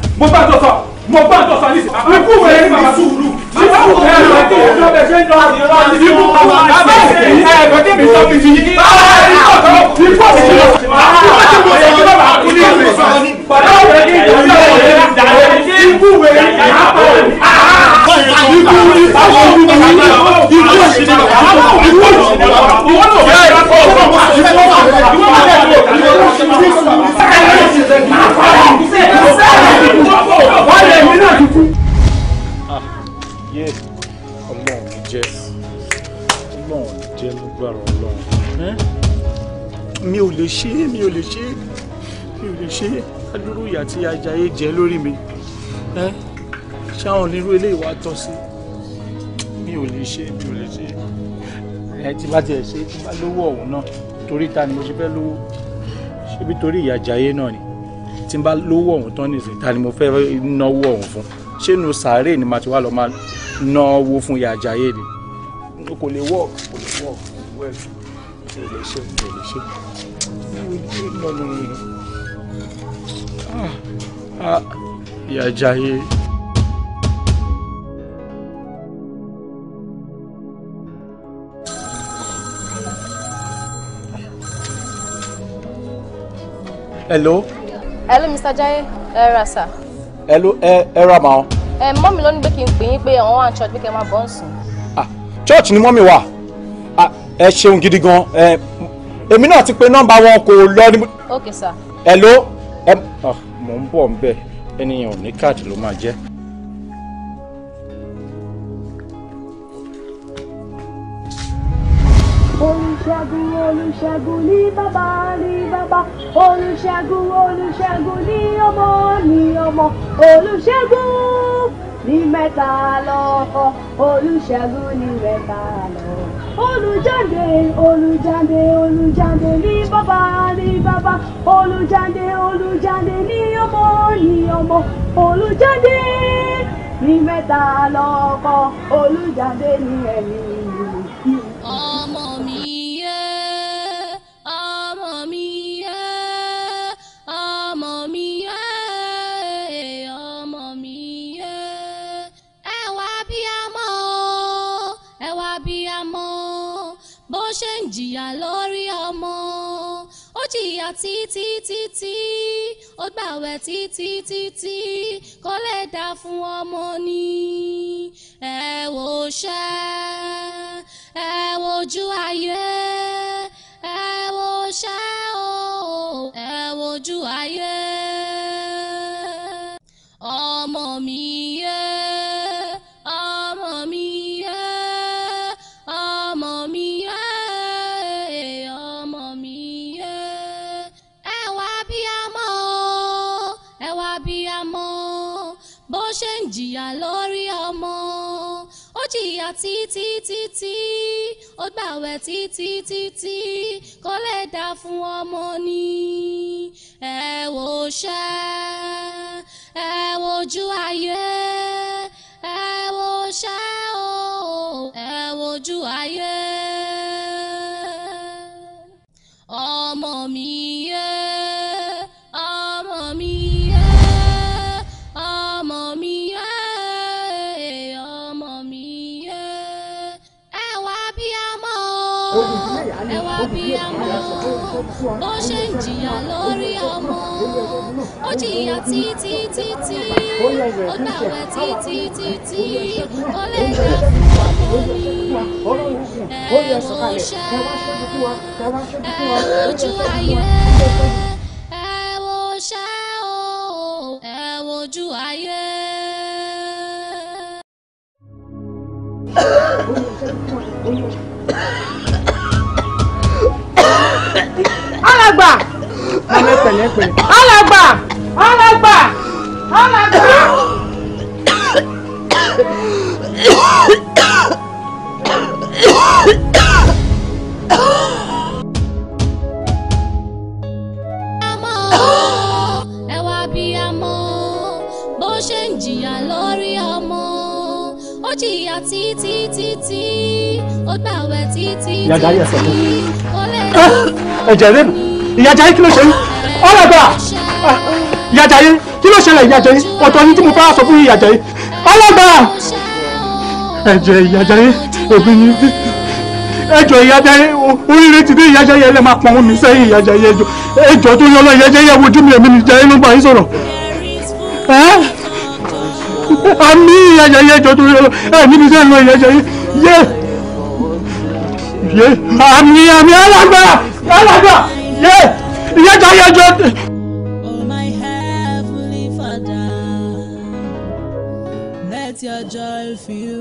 Speaker 1: mo bá tọ̀ sọ mo bá tọ̀ sọ nísìnyí. ikú wẹ̀ ní sùúrù. ikú wẹ̀ ní sùúrù. ikú wẹ̀ ní sùúrù. ẹ̀ẹ́dẹ́gbẹ̀tẹ̀ mi sọ fìfì yìí. báyìí ní ọ̀tọ̀ ikú sì lọ. ikú sì mọ̀ yẹ kí bàbá kú ní ìlú sọ. bàbá wẹ̀ ní ìdájọ́ ikú wẹ̀ ní ìdájọ́ ikú àwọn olùkọ́ ìlú ìlú ìṣẹ̀lẹ̀ àwọn ìlú ìṣẹ̀lẹ̀ ìwọ náà yẹ ẹ̀kọ́ ọ̀pọ̀ ìṣẹ̀lẹ̀ ìwọ náà yẹ ẹ̀kọ́ mi ò lè ṣe é mi ò lè ṣe é mi ò lè ṣe é adúrú ìyà tí ajayé jẹ lórí mi ṣáwọn onírú eléyìí wá tọ́ sí mi ò lè ṣe mi ò lè ṣe ẹ ti bá tiẹ̀ ṣe tí bá lówó ọ̀hún náà torí ta ni mo ṣe fẹ́ lówó ṣébi torí ìyá jayé náà ni tí bá lówó ọ̀hún tán nìsín ta ni mo fẹ́ náwó ọ̀hún fún ṣé nu sàárè ni màá ti wá lọ máa náwó fún ìyá jayé ni kò lè wọ̀ kò lè wọ̀ kò lè ṣe kò lè ṣe ah, ah, ìyá jayé. hello.
Speaker 5: hello mr Jaiye era, sir.
Speaker 1: hello ẹ era ra màá.
Speaker 5: ẹ mọ́ mi ló ní pé kí n church yín pé àwọn wà
Speaker 1: Ah, church pé kẹ́ máa ah church ni mọ́mì wà ah, ẹ ṣeun gidi gan ẹ èmi náà ti pè nọ́mbà wọn kò sir. hello ẹ ah, mọ̀ ń bọ̀ ń bẹ̀ ẹnìyàn ò ní káàdì ló máa
Speaker 3: olùṣègùn olùṣègùn ní bàbá ní bàbá olùṣègùn olùṣègùn ní ọmọ ní ọmọ olùṣègùn ní mẹ́ta lọ́kọ olùṣègùn ní mẹ́ta lọ́kọ
Speaker 2: olùjáde
Speaker 3: olùjáde olùjáde ní bàbá ní bàbá olùjáde olùjáde ní ọmọ ní ọmọ olùjáde ní mẹ́ta lọ́kọ olùjáde ní ẹ̀yìn.
Speaker 5: bó ṣe ń jìyà lórí ọmọ ó jìyà títí títí ó gbàwẹ̀ títí títí kó lè dá fún ọmọ ni ẹ wò ṣẹ́ ẹ wojú ayé ẹ wò ṣẹ́ o ẹ wojú ayé ọmọ mi yé. jìyà lórí ọmọ ó jìyà títí títí ó gbàwẹ̀ títí títí kó lè dá fún ọmọ ni ẹ wò ṣẹ ẹ wojú ayé ẹ wò ṣẹ o ẹ wojú ayé ọmọ mi. bó ṣe ń jìyà lórí ọmọ ó jìyà títí títí ó gbàwẹ̀ títí títí ó lè gbà fún ọmọ mi ẹ wò ṣe ẹ lójú ayé.
Speaker 1: jẹ̀rẹ́ nù ìyá Jayé kí ló ṣe yín ọ̀rẹ́ gbà ìyá Jayé kí ló ṣẹlẹ̀ ìyá Jayé ọ̀tọ̀ ni tí mo fẹ́ sọ fún ìyá Jayé ọ̀rẹ́ gbà ẹ̀jẹ̀ ìyá Jayé òbí ni ẹjọ ìyá Jayé oríire ti dé ìyá Jayé ẹlẹ́ máa pọn omi sẹ́yìn ìyá Jayé ẹjọ ẹjọ tó yọ lọ ìyá Jayé wojú mi èmi ni Jayé ló ń bá yín sọ̀rọ̀ àmì ìyá Jayé ẹjọ tó yọ lọ ẹ̀mí ni sẹ́yìn lọ ìyá Jayé yé yé àmì àmì alágbára alàgbà
Speaker 2: yẹ ìyá ìjà yẹ jọ.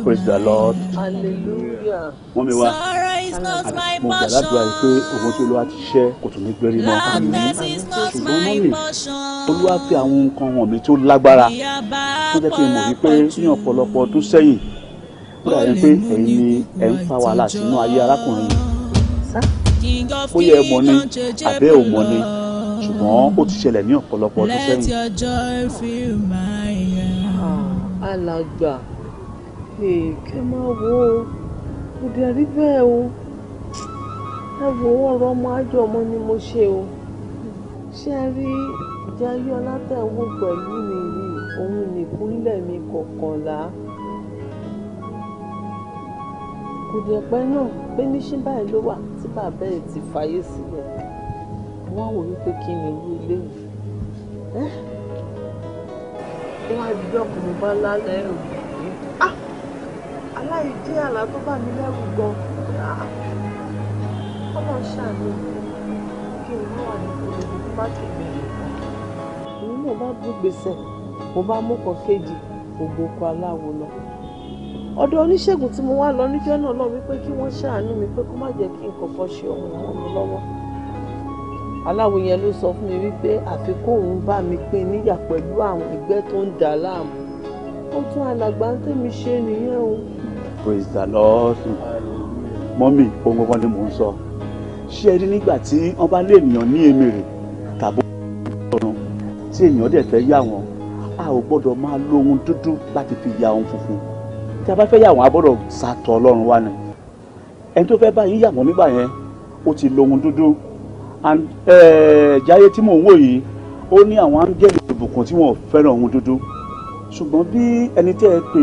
Speaker 4: Praise the Lord. Wọ́n mi wá. Mo gbà ládùúrà
Speaker 1: yìí pé òun tó lọ́wọ́ ti ṣẹ́ kò tún ní gbérí náà. Ṣùgbọ́n wọ́n mi olúwa fi àwọn nǹkan hàn mí tó lágbára. Tó jẹ́ pé mo rí pé ní ọ̀pọ̀lọpọ̀ ọdún sẹ́yìn. Ó dàbí pé ẹ̀yin ni ẹ̀ ń fa wàhálà sínú ayé arákùnrin yìí bóyá ẹ mọ̀ ni àbẹ́ ò mọ̀ ni ṣùgbọ́n ó ti ṣẹlẹ̀ ní ọ̀pọ̀lọpọ̀ ọdún
Speaker 4: sẹ́yìn. Ah, alàgbà
Speaker 3: kẹ máa wo kò dẹ̀ rí bẹ́ẹ̀ o ẹ wo ọ̀rọ̀ ọmọ àjọmọ ni mo ṣe o ṣe rí ìjà yọ látẹ̀wọ̀ pẹ̀lú mi yìí òun nìkúnlẹ̀ mi kọ̀ọ̀kànlá kùdìẹ̀pẹ́ náà pé níṣẹ́ báyìí ló wà tí bàbá ẹ̀ ti fàyè sílẹ̀ wọ́n wò wípé kí ni irú ilé yìí ẹ wọ́n á di ọkùnrin bá lálẹ́ rò aláìdí àlá tó bà mí lẹ́rù gan
Speaker 2: ọmọ ṣàánú kí n mọ́ wà ní kòtò tó bá ti bẹ̀rẹ̀
Speaker 3: èmi náà bá gbé gbèsè mo bá mú kan kéjì ògbókò aláwo lọ ọ̀dọ̀ oníṣègùn tí mo wá lọ níjọ́ náà lọ wípé kí wọ́n ṣàánú mi pé kó má jẹ́ kí nǹkan kan ṣe ọmọ ọmọ mi lọ́wọ́ aláwo yẹn ló sọ fún mi wípé àfikún òun bá mi pín níyà pẹ̀lú àwọn ẹgbẹ́ tó ń dà láàmú ó tún alàgbà ń tẹ̀mí ṣe nìyẹn o.
Speaker 1: praise the lord mọ́mì ohun gbọ́n ni mò ń sọ ṣé ẹ rí nígbà tí wọ́n bá lé ènìyàn ní emèrè tàbí ọ̀run tí ènìyàn dẹ̀ fẹ́ yà wọ́n a ò gbọ́dọ̀ máa lo ohun dúdú láti fi ya ohun funfun tí a bá fẹ́ yà wọ́n a gbọ́dọ̀ sàtọ̀ ọlọ́run wa ni ẹni tó fẹ́ báyìí yà wọ́n nígbà yẹn ó ti lo ohun dúdú eh, jáyé tí mò ń wò yìí ó ní àwọn áńgẹ́lì ìbùkún tí wọ́n fẹ́ràn ohun dúdú ṣùgbọ́n bí ẹni tẹ́ ẹ pè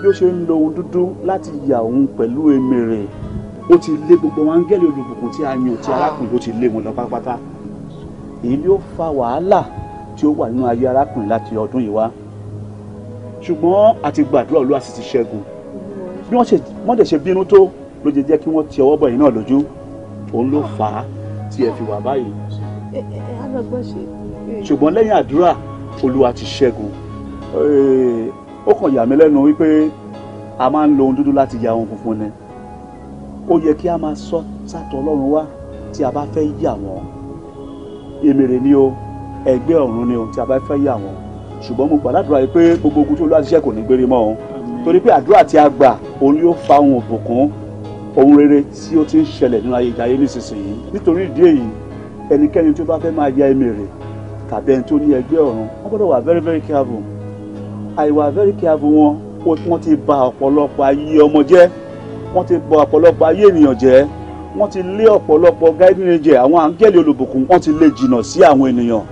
Speaker 1: bí ó ṣe ń lo ohun dúdú láti yà òun pẹ̀lú èmèrè ó ti lé gbogbo àwọn áńgẹ́lì olùbùkún tí a yàn tí arákùnrin ó ti lé wọn lọ pátápátá èyí ló fa wàhálà tí ó wà nínú ayé arákùnrin láti ọdún yìí wá ṣùgbọ́n àti gbàdúrà olúwa sì ti ṣẹ́gun bí wọ́n ṣe wọ́n dẹ̀ ṣe bínú tó ló jẹ jẹ́ kí wọ́n ti ọwọ́ bọ̀ yìí náà lójú òun ló fà á tí ẹ fi wà báyìí. ṣùgbọ́n lẹ́yìn àdúrà olúwa ti ṣẹ́gun ó kàn yà mí lẹ́nu wípé a máa ń lo ohun dúdú láti ya ohun funfun ni ó yẹ kí a máa sọ sátọ ọlọ́run wá tí a bá fẹ́ yà wọ́n èmèrè ni o ẹgbẹ́ ọ̀run ni o tí a bá fẹ́ yà wọ́n ṣùgbọ́n mo gbàdúrà yìí pé gbogbo ogun tó lọ àṣìṣe kò ní gbére mọ́ òun torí pé àdúrà tí a gbà òun yóò fa ohun òbùkún ohun rere tí ó ti ń ṣẹlẹ̀ nínú ayé ìjà nísinsìnyí nítorí ìdí èyí ẹnikẹ́ni tó bá fẹ́ máa ya ẹ̀mí rẹ̀ tàbí ẹni tó ní ẹgbẹ́ ọ̀run wọ́n gbọ́dọ̀ wà very very careful àìwà very careful wọn wọ́n ti bà ọ̀pọ̀lọpọ̀ ayé ọmọ jẹ́ wọ́n ti bà ọ̀pọ̀lọpọ̀ ayé ènìyàn jẹ́ wọ́n ti lé ọ̀pọ̀lọpọ̀ guiding angel àwọn áńgẹ́lì olùbùkún wọ́n ti lé jìnnà sí àwọn ènìyàn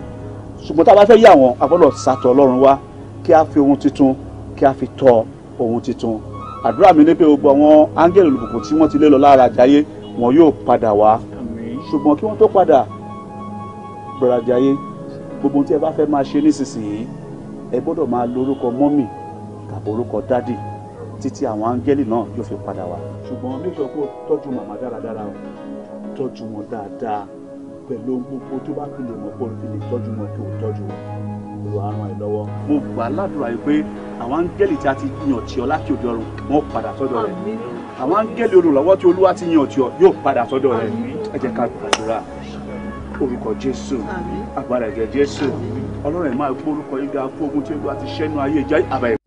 Speaker 1: ṣùgbọ́n tá a bá fẹ́ yà wọ́n a gbọ́dọ̀ sàtọ̀ ọlọ́run wá kí a fi ohun tuntun kí a fi tọ ohun tuntun àdúrà mi ni pé gbogbo àwọn áńgẹ́lì olùbùkún tí wọ́n ti lé lọ lára àjáyé wọn yóò padà wá ṣùgbọ́n kí wọ́n tó padà bọ̀rọ̀ àjáyé gbogbo ohun tí ẹ bá fẹ́ máa ṣe nísinsìnyí ẹ gbọ́dọ̀ máa lo orúkọ mọ́mì tàbí orúkọ dádì títí àwọn áńgẹ́lì náà yóò fi padà wá ṣùgbọ́n make sure kó tọ́jú màmá dáradára tọ́jú wọn dáadáa pẹ̀lú ohun gbogbo tó bá fi lè mọ̀ kó o fi lè tọ́jú wọn kó o tọ́jú wọn olùwà ràn ẹ́ lọ́wọ́. mo gbà ládùúrà yìí pé àwọn áńgẹ́lì tí a ti yàn tí ọ láti òde ọ̀run wọn padà sọ́dọ̀ rẹ̀ àwọn áńgẹ́lì olùrànlọ́wọ́ tí olúwa ti yàn tí ọ yóò padà sọ́dọ̀ rẹ̀ ẹ jẹ́ ká gbàdúrà orúkọ jésù agbára ẹ̀jẹ̀ jésù ọlọ́run ẹ̀ máa gbórúkọ yín ga